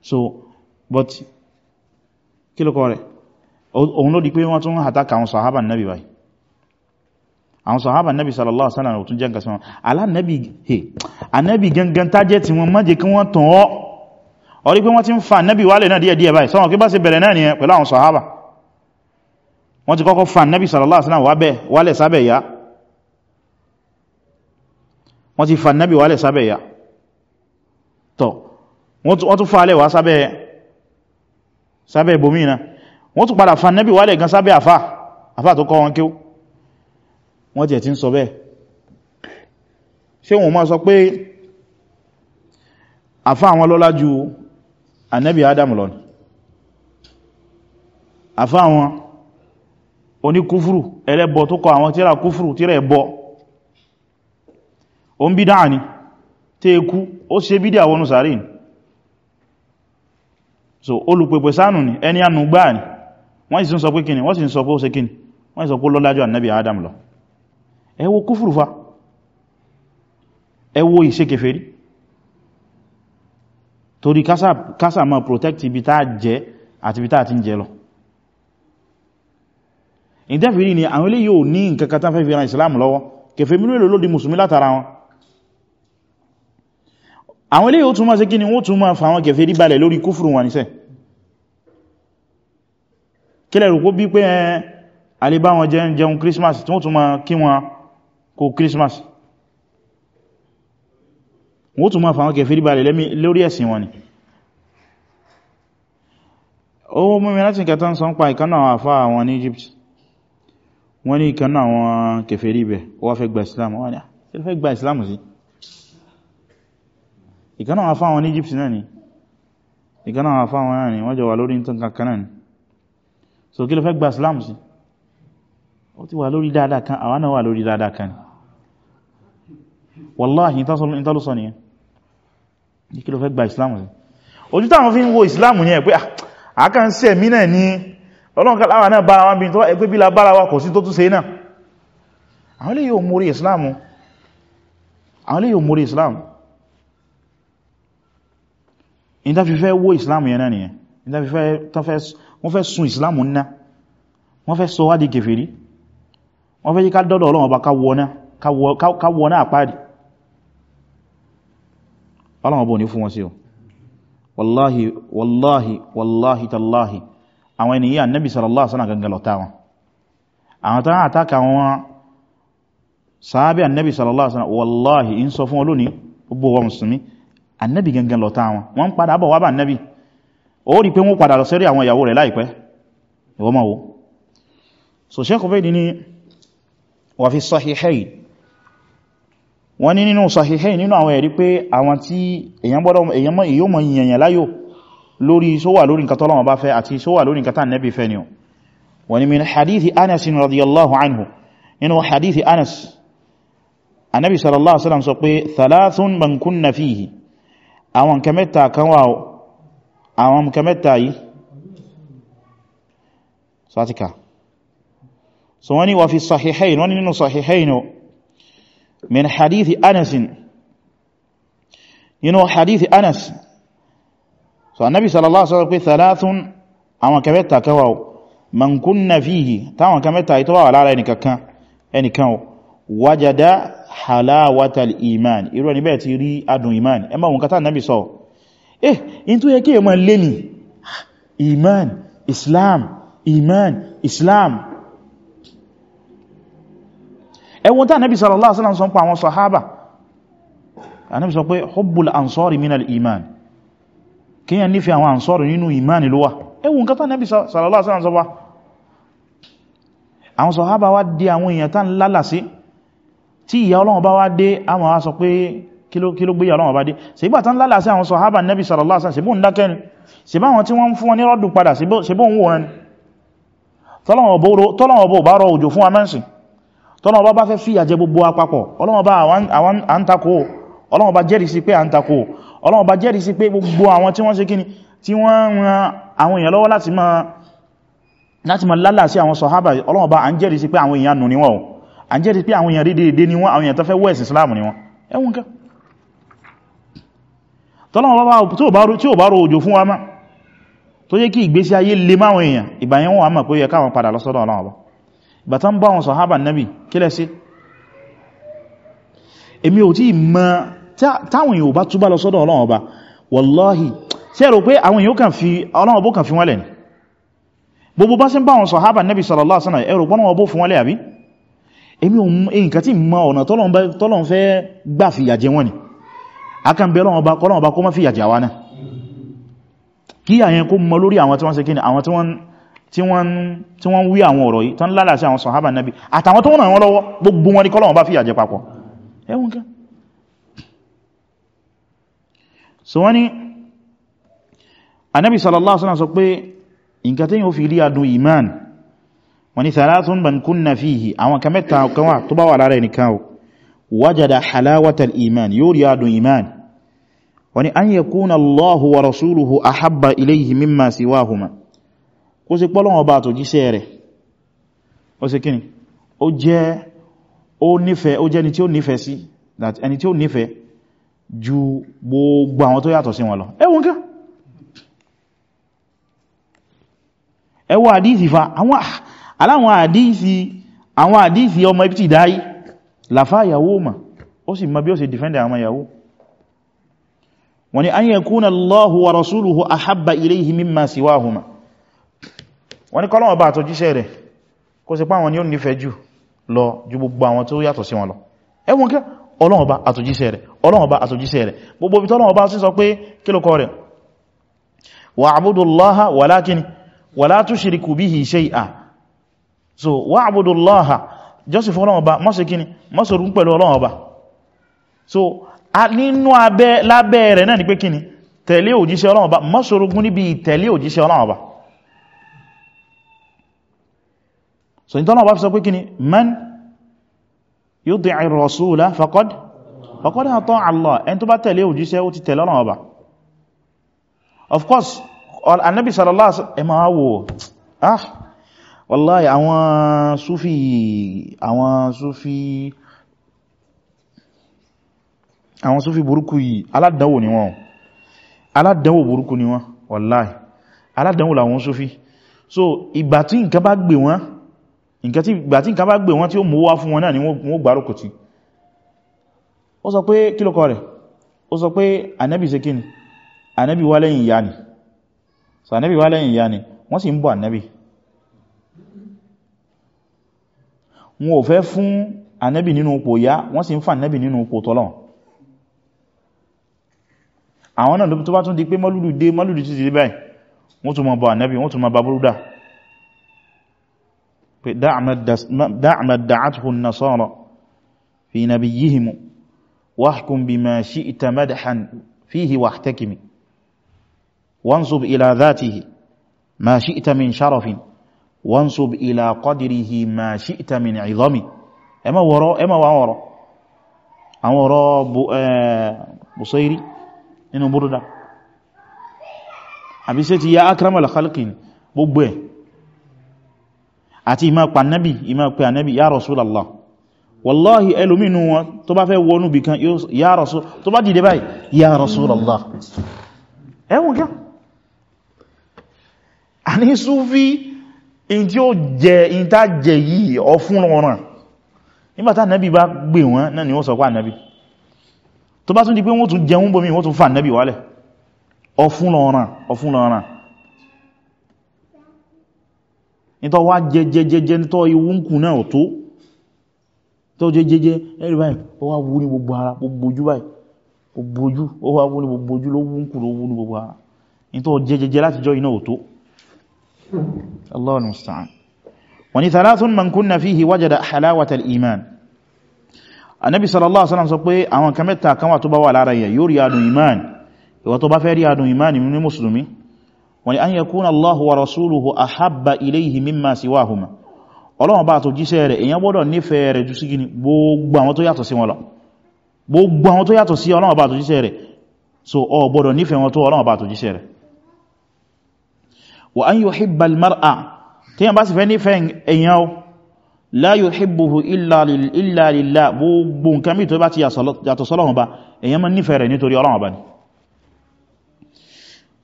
so but kí ló kọ́ rẹ̀ òun ló di pé wọ́n tún àtàkà àwọn sàhábà nẹ́bì báyìí àwọn sàhábà nẹ́bì sallallahu alaihi wasallam òtún jẹ́ nǹkan sí wọn alánẹ́bì hey anẹ́bì gangan tájẹ́ tí wọ́n mọ́jẹ́ kí wọ́n tàn ọ́ orí pé wọ́n ti ń fa nẹ́bì wálẹ̀ náà díẹ̀díẹ̀ báyìí sọ́wọ́n kí bá ṣe bẹ̀rẹ̀ náà sallallahu alaihi wasallam wálẹ̀ sábẹ̀ wọ́n ti fa nábì wálẹ̀ sábẹ̀ ya tọ́ wọ́n tún fàálẹ̀ wá sábẹ̀ ibòmínà wọ́n tún padà fa nábì wálẹ̀ gan sábẹ̀ àfá àfá tó kọ́ wọn kí wọ́n jẹ̀ tí ń sọ bẹ́ẹ̀ ṣé wọ́n máa sọ pé àfá àwọn lọ́lá ju ànábì adam lọ ni àwọn oníkúfùrù ẹlẹ́bọ tó kọ àwọn tíra kúfùrù tíra ẹ̀bọ o ń bí dáa ni tí ikú ó ṣe bídí àwọn onúsàárì ni so olùpẹ̀pẹ̀ sánù ni ẹni ànú gbáà ni wọ́n sì ń sọ pé kíni wọ́n sì ń sọ pé ó ṣe kíni wọ́n sì sọ pé lọ́lájú ànábì adam lọ ẹ wo kúfùrùfà ẹ wo ìṣe kèfèrí protect ibi tá jẹ àti ibi tá ti ń jẹ lọ ìdẹ́fìrí ni àwọn ilé yóò ní nǹkan kan tán fẹ́ fi ran ìsìlámù lọ́wọ́ kèfèrí mínú èlò ló di mùsùlùmí látara wọn àwọn ilé yóò tún máa kí ni wọ́n tún máa fà àwọn kèfèrí balẹ̀ lórí kúfùrù wọn níṣẹ́ kílẹ̀ rò bí pé alibá wọn jẹun jẹun Christmas tí wọ́n tún kí wọn kó Christmas wọ́n tún máa fà àwọn kèfèrí balẹ̀ lórí ẹ̀sìn wọn ni ó mú mi Egypt wọ́n ní ìkaná àwọn kèfèrí bẹ̀ Islam wọ́n ní ah, fẹ́ gba si ìkaná àwọn afáwọn ní Egypt náà ni ìkaná àwọn afáwọn náà ni wọ́n jọ wà lórí nǹkan kankan náà ni so kí ló fẹ́ gba Islam sí ó ti wà lórí dáadáa kan àwọn náà wà lórí dáadáa kan wallahi ìtàlùsọ ni ní kí ló fẹ́ gba Islam sí ojú táwọn fi ń wo Islam ní ẹ̀ pé àkà ah, ń sẹ̀ mí náà ní ọlọ́nkà náà bára wọn bí tó ẹgbẹ́ bí lábára wa kò sí tó tún náà àwọn lè yóò mórí Islam in ta fi fẹ́ wó islam yẹn náà nìyẹn in ta fi fẹ́ wọ́n fẹ́ sun islam náà wọ́n fẹ́ sọ wá di kèfèrí wọ́n fẹ́ jí ká dọ́dọ̀ ọlọ́wọ́ bá káwọ náà àpáàdì ọlọ́wọ́ bọ̀ ní fún wọn sí o wallahi wallahi wallahi tallahi àwọn ènìyàn annabi sallallahu alaihi annabi gangan lọ táwọn wọ́n padà bọ̀ wá bá annabi ó rí pé wọ́n padà lọ sẹ́rí àwọn ìyàwó rẹ̀ láìpẹ́ ìwọ́n máa wo so Shaykh Ubayd ní wà fi Sahihayn wọ́n ní nínú Sahihayn nínú àwọn ẹ̀rí pé àwọn tí èyàn gbọ́dọ̀ èyàn mọ́ èyàn mọ́ ìyẹ̀yàn láyò lórí sówà lórí nǹkan tọ́lọ́wọ́ bá fẹ́ àti sówà lórí nǹkan tán nẹ́bì àwọn nǹkan mẹ́ta kan wà àwọn nǹkan mẹ́ta yìí sátíkà so wọ́n ni wà fi sahihain wọ́n ni nínú sahihain o min hadithi anasin nínú hadithi anas so annabi sallallahu alaihi wasallam pé thalathun àwọn nǹkan kan wà man kunna fihi táwọn nǹkan yìí tó wà lára halawatal iman irú ẹni bẹ́ẹ̀ ti rí adùn iman ẹ máa wọn kátà náà sọ eh in tó yẹ kí ẹmọ lè ní iman islam iman islam ẹwọ́n tàà náà sallallahu alaihi wasallam sọ pa àwọn sahaba anábi sọ pé hubbul ansori minal iman kíyàn nífẹ́ àwọn ansori nínú iman ló wà ẹwọ́n kátà náà bí sallallahu alaihi wasallam sọ pa tí ìyà Ọlọ́run bá wá dé a máa sọ pé kí ló gbé ìyà Ọlọ́run bá dé ṣe ìgbà tán lálàá sí àwọn sọ̀hábà nẹ́bí sallallahu alaihi wasallam ṣe bóun dákẹ́ ni ṣe bá wọn tí wọ́n ń fún wọn ní rọ́dù padà ṣe bóun wòran ni tọ́lọ́wọ́ bó bá rọ òjò fún amẹ́sìn tọ́lọ́wọ́ bá fẹ́ fìyà jẹ gbogbo àpapọ̀ Ọlọ́run bá àwọn àntakò Ọlọ́run bá jẹ́rìí sí pé àntakò Ọlọ́run bá jẹ́rìí sí pé gbogbo àwọn tí wọ́n ṣe kíni tí à ń jẹ́ ti pé àwọn èèyàn dédé ni wọ́n àwọn èèyàn tó fẹ́ wẹ́ẹ̀sì islam ni wọ́n ẹwọ́n ká tọ́lọ́wọ́ tí ò bá rọ òjò fún wa má tó yẹ kí ìgbésí ayé lè máwọn èèyàn ìgbà yẹn wọ́n wà mọ̀ pé yẹ káwọn padà lọ́sọ́dọ̀ ọlọ́wọ́ ìgbà tán bá wọn sàhábà nábì kílẹ̀ sí èmi ò tí mọ̀ táwọn èèyàn ò bá túbá lọ́sọ́dọ̀ ọlọ́wọ́ bá wallahi gbogbo bá sí ń bá wọn sàhábà nábì sallallahu alaihi wasallam ẹ̀rọ fún wọn àbí èmi ò nǹkan tí mọ ọ̀nà tọ́lọ̀n fẹ́ gbà fìyà jẹ wọ́n ni a kàn bẹ̀rẹ̀ ọba kọ́lọ̀ ọba kó má fìyà jẹ wa náà kí àyẹn kó mọ lórí àwọn tí wọ́n ṣe kíni àwọn tí wọ́n wí àwọn ọ̀rọ̀ yìí tán lálàṣẹ́ sallallahu alaihi wasallam sọ pé iman wọ́n ni thalathun man kunna fihi àwọn kan mẹ́ta kan wà tó bá wà lára ẹnìkan o wajada halawatal iman yóò rí adùn iman wọ́n ni an yakuna Allahu wa rasuluhu ahabba ilayhi mimma siwahuma kó sí pọ́lọ́wọ́ bá tó jíṣẹ́ rẹ̀ ó sì kíni ó jẹ́ ó nífẹ̀ẹ́ ó jẹ́ ni tí ó nífẹ̀ẹ́ sí that ẹni tí ó nífẹ̀ẹ́ ju gbogbo àwọn tó yàtọ̀ sí wọn lọ ẹwọ́n ká ẹwọ́ àdíìsì fa àwọn aláwọn àdíìsì àwọn àdíìsì ọmọ ibi ti dáyí làfá ìyàwó ma ó sì mọ bí ó sì dìfẹ́ndẹ̀ àwọn ìyàwó wọ́n ni an na Allahu wa rasuluhu ahabba ilayhi mimma siwahuma wọ́n ni wani bá ni lọ ju gbogbo àwọn tó yàtọ̀ sí wọn lọ ẹwọ́n kẹ́ Ọlọ́run so wa'budu Allaha jọ́sìn fún Ọlọ́run Ọba má ṣe kíni má ṣorogún pẹ̀lú Ọlọ́run Ọba so nínú abẹ́ lábẹ́ rẹ̀ náà ni pé kíni tẹ̀lé òjíṣẹ́ Ọlọ́run Ọba má ṣorogún níbi tẹ̀lé òjíṣẹ́ Ọlọ́run Ọba so ní tọ́lọ́wọ́ bá fi sọ pé kíni man yuti'ir rasula faqad faqad ata Allah ẹni tó bá tẹ̀lé òjíṣẹ́ ó ti tẹ̀lé Ọlọ́run of course annabi sallallahu alaihi wasallam ah wallahi àwọn Sufi àwọn Sufi àwọn Sufi burúkú yìí aládánwò ni wọ́n aládánwò burúkú ni wọ́n wallahi aládánwò làwọn súfì so ìgbà tí nǹkan bá gbé wọ́n ìgbà tí nǹkan bá ó mú fún wọn náà ni wọ́n gbárùkù tí ó sọ pé kí ló kọ rẹ̀ ó sọ pé ànábì ṣe kíni ànábì lẹ́yìn ìyá ni so ànábì wá ni wọ́n sì ń bọ̀ ànábì wọn ò fẹ́ fún ànábì nínú ipò ìyá wọ́n sì ń fà ànábì nínú ipò tọ́lọ̀ àwọn náà tó bá tún di pé mọ́lúdù dé mọ́lúdù ti dé báyìí wọ́n tún mọ́ bá ànábì wọ́n tún mọ́ bá búrúdà pé dáàmà dáàtùkù nasara fi nabiyihimu wahkum bima ma shi'ta min sharafin wansub ila qadrihi ma shi'ta min 'idami ẹ má wọ̀rọ̀ ẹ má wá wọ̀rọ̀ àwọn ọ̀rọ̀ Busairi nínú Burda àbí ṣe ti ya akramal khalqin gbogbo ẹ̀ àti ìmá pa nábi ìmá pẹ ànábi ya Rasulallah wallahi ẹlòmínú wọn tó bá fẹ́ wọnú bí kan ya Rasul tó bá dìde báyìí ya Rasulallah ẹwùn kí a ní Sufi in tí ó jẹ in tá jẹ yìí ọ̀fún ọ̀ràn nígbàtá nẹ́bí bá gbé wọn náà ni ó sọ nẹ́bí tó bá tún di pé wọ́n tún jẹun bomi wọ́n tún fà nẹ́bí wálẹ̀ ọ̀fún ọ̀ràn ọ̀ràn nítọ́ wá jẹjẹjẹjẹ iwu náà tó tó jẹjẹjẹ ẹ̀rì báyìí ó wá wú ní gbogbo Allah al-musta'an wani thalathun man kunna fihi wajada halawata al-iman annabi sallallahu alaihi wasallam sọ pé àwọn kan mẹ́ta kan wà tó bá wà lára yẹ yóò rí adùn iman ìwọ tó bá fẹ́ rí adùn iman ní musulmi wani an yakuna Allah wa rasuluhu ahabba ilayhi mimma siwahuma Ọlọ́run bá tó jíṣẹ́ rẹ̀ èyàn gbọ́dọ̀ nífẹ̀ẹ́ rẹ̀ jù sí gini gbogbo àwọn tó yàtọ̀ sí wọn lọ gbogbo àwọn tó yàtọ̀ sí Ọlọ́run bá tó jíṣẹ́ rẹ̀ so ọ gbọ́dọ̀ nífẹ̀ẹ́ wọn tó Ọlọ́run bá tó jíṣẹ́ rẹ̀ wa an yuhibba al-mar'a tí yàn bá sì fẹ́ nífẹ́ èyàn o la yuhibbuhu illa lillah gbogbo nǹkan mìí tó bá ti yàtọ̀ sọ́lọ́wọ́n ba èyàn ma nífẹ́ rẹ̀ nítorí Ọlọ́run ba ni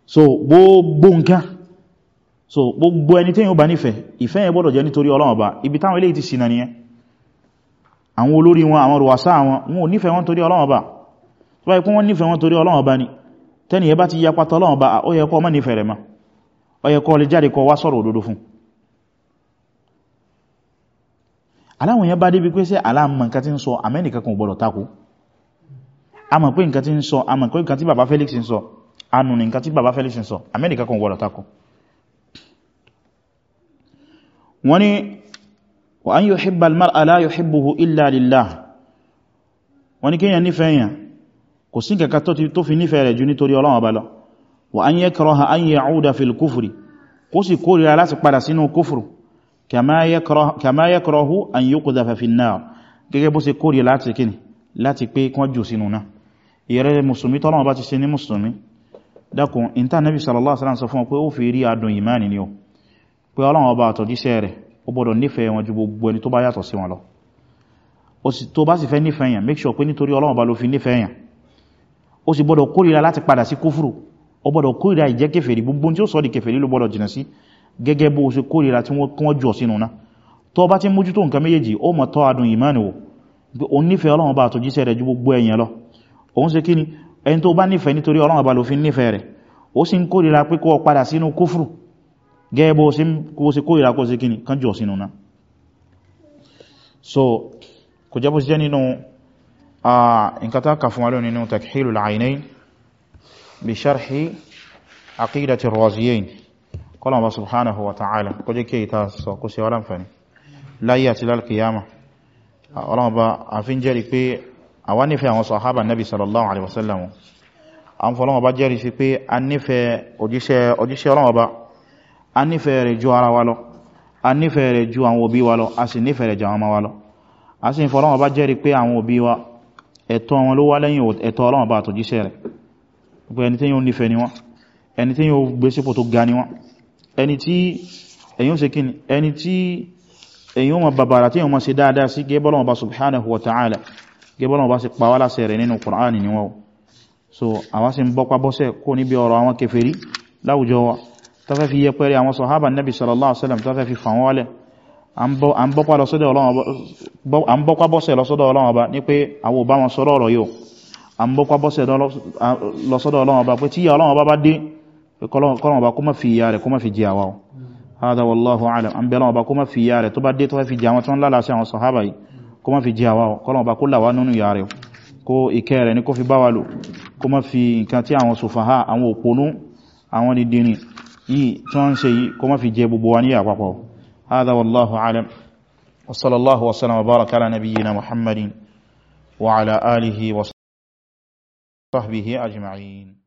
so gbogbo nǹkan so gbogbo ẹni tí yàn bá nífẹ́ ìfẹ́ yẹn gbọ́dọ̀ jẹ́ nítorí Ọlọ́run ba ibi táwọn eléyìí ti ṣìnà nìyẹn àwọn olórí wọn àwọn rọ̀wàsá wọn wọn ò nífẹ́ wọn torí Ọlọ́run ba tó bá ikú wọn nífẹ́ ọyẹ kọ́ lè jáde kọ wá sọ̀rọ̀ òdodo fún aláwọn yẹn bá débi pé sẹ́ aláàmà nǹkan tí ń sọ amẹ́nìkan kan gbọ́dọ̀ takú pé nǹkan tí ń sọ a pé nǹkan tí bàbá Felix ń sọ anù nǹkan tí bàbá Felix ń sọ amẹ́nìkan kan gbọ́dọ̀ wọ́n ni wa an yuhibba al-mar'a la yuhibbuhu illa wa an yakraha an ya'uda fil kufri kó sì kórìíra láti padà sínú kúfùrù kama yakrahu an yuqdhafa fin nar gẹ́gẹ́ bó sì kórìíra láti kíni láti pé kán jù sínú náà ìrẹ́ musulmi tọ́lọ́wọ́ bá ti ṣe ní musulmi dákun ìntà nabi sallallahu alaihi wasallam sọ fún ọ pé ó fi rí adùn ìmáni ni ó pé Ọlọ́run Ọba àtọ̀jíṣẹ́ rẹ̀ ó gbọ́dọ̀ nífẹ̀ẹ́ wọn ju gbogbo ẹni ó gbọ́dọ̀ kórìíra ìjẹ́ kèfèrí gbogbo tí ó sọ di kèfèrí ló gbọ́dọ̀ jìnà sí gẹ́gẹ́ bó ṣe kórìíra tí wọ́n jù sínú náà tó bá ti mójútó nǹkan méjèèjì ó mọ̀ tọ́ adùn ìmáni wò pé o nífẹ̀ẹ́ Ọlọ́run bá àtòjíṣẹ́ rẹ̀ ju gbogbo ẹ̀yìn lọ òun ṣe kíni ẹni tó bá nífẹ̀ẹ́ nítorí Ọlọ́run so kò jẹ́ bó ṣe jẹ́ nínú ah, nǹkan tá بشرح عقيدة الرازيين قال الله سبحانه وتعالى قد كيتا سوكسي ولا فني لا ياتي للقيامه ọlọ́run bá a fi ń jẹ́rìí pé àwa nífẹ̀ẹ́ àwọn sàhábà nẹ́bí sallallahu alaihi wasallam àwọn fọ́lọ́wọ́ bá jẹ́rìí sí pé a nífẹ̀ẹ́ òjíṣẹ́ ọlọ́run bá a nífẹ̀ẹ́ rẹ̀ ju ara wa lọ a nífẹ̀ẹ́ rẹ̀ ju àwọn òbí wa lọ a sì nífẹ̀ẹ́ rẹ̀ ju àwọn ọmọ wa lọ a sì fọ́lọ́wọ́ bá jẹ́rìí pé àwọn òbí wa ẹ̀tọ́ wọn ló wá lẹ́yìn ẹ̀tọ́ ọlọ́run bá àtòjíṣẹ́ rẹ̀ gbogbo ẹni tí yíò nífẹ́ ni wọ́n ẹni tí yíò gbé sípò tó ga ni wọ́n ẹni tí èyí ó ṣe kí ni ẹni tí èyí ó ma bàbàrà tí yíò ma ṣe dáadáa sí gẹ́bọ́lọ́wọ́ bá subhanahu wa ta'ala gẹ́bọ́lọ́wọ́ bá sì pàwà láṣẹ rẹ̀ nínú Qur'ani ni wọ́n so àwọn sì ń bọ́pá bọ́sẹ̀ kó níbi ọ̀rọ̀ àwọn kèfèrí láwùjọ wa ta fẹ́ fi yẹ pẹ́rẹ àwọn sọ̀hábà nẹ́bì sallallahu alaihi wasallam ta fẹ́ fi fà wọ́n wálẹ̀ à ń bọ́pá bọ́sẹ̀ lọ́sọ́dọ̀ Ọlọ́run ọba ní pé àwọn ò bá wọn sọ̀rọ̀ ọ̀rọ̀ yóò àmbọ́kwá bọ́sẹ̀ lọ́sọ́dọ̀ ọlọ́wọ́ bá pé tí yà ọlọ́wọ́ bá bá dé kọlọ̀wọ́ bá kó má fi ìyà rẹ̀ kó má fi jẹ àwa hádá wallahu alam an bẹ̀lọ́wọ́ bá kó má fi ìyà rẹ̀ tó bá dé tó fẹ́ fi jẹ àwọn tó ń lálàsí àwọn sàhábà yìí kó má fi jẹ àwa kọlọ̀wọ́ bá kó làwá nínú ìyà rẹ̀ kó ìkẹ́ rẹ̀ ní kó fi bá wa lò kó má fi nǹkan tí àwọn sùfàhà àwọn òpónú àwọn dìdìrìn yìí tó ń ṣe yìí kó fi jẹ gbogbo wa ní àpapọ̀ hádá wallahu alam wa sallallahu wa sallam wa baraka ala nabiyyina muhammadin wa ala alihi wa وصحبه أجمعين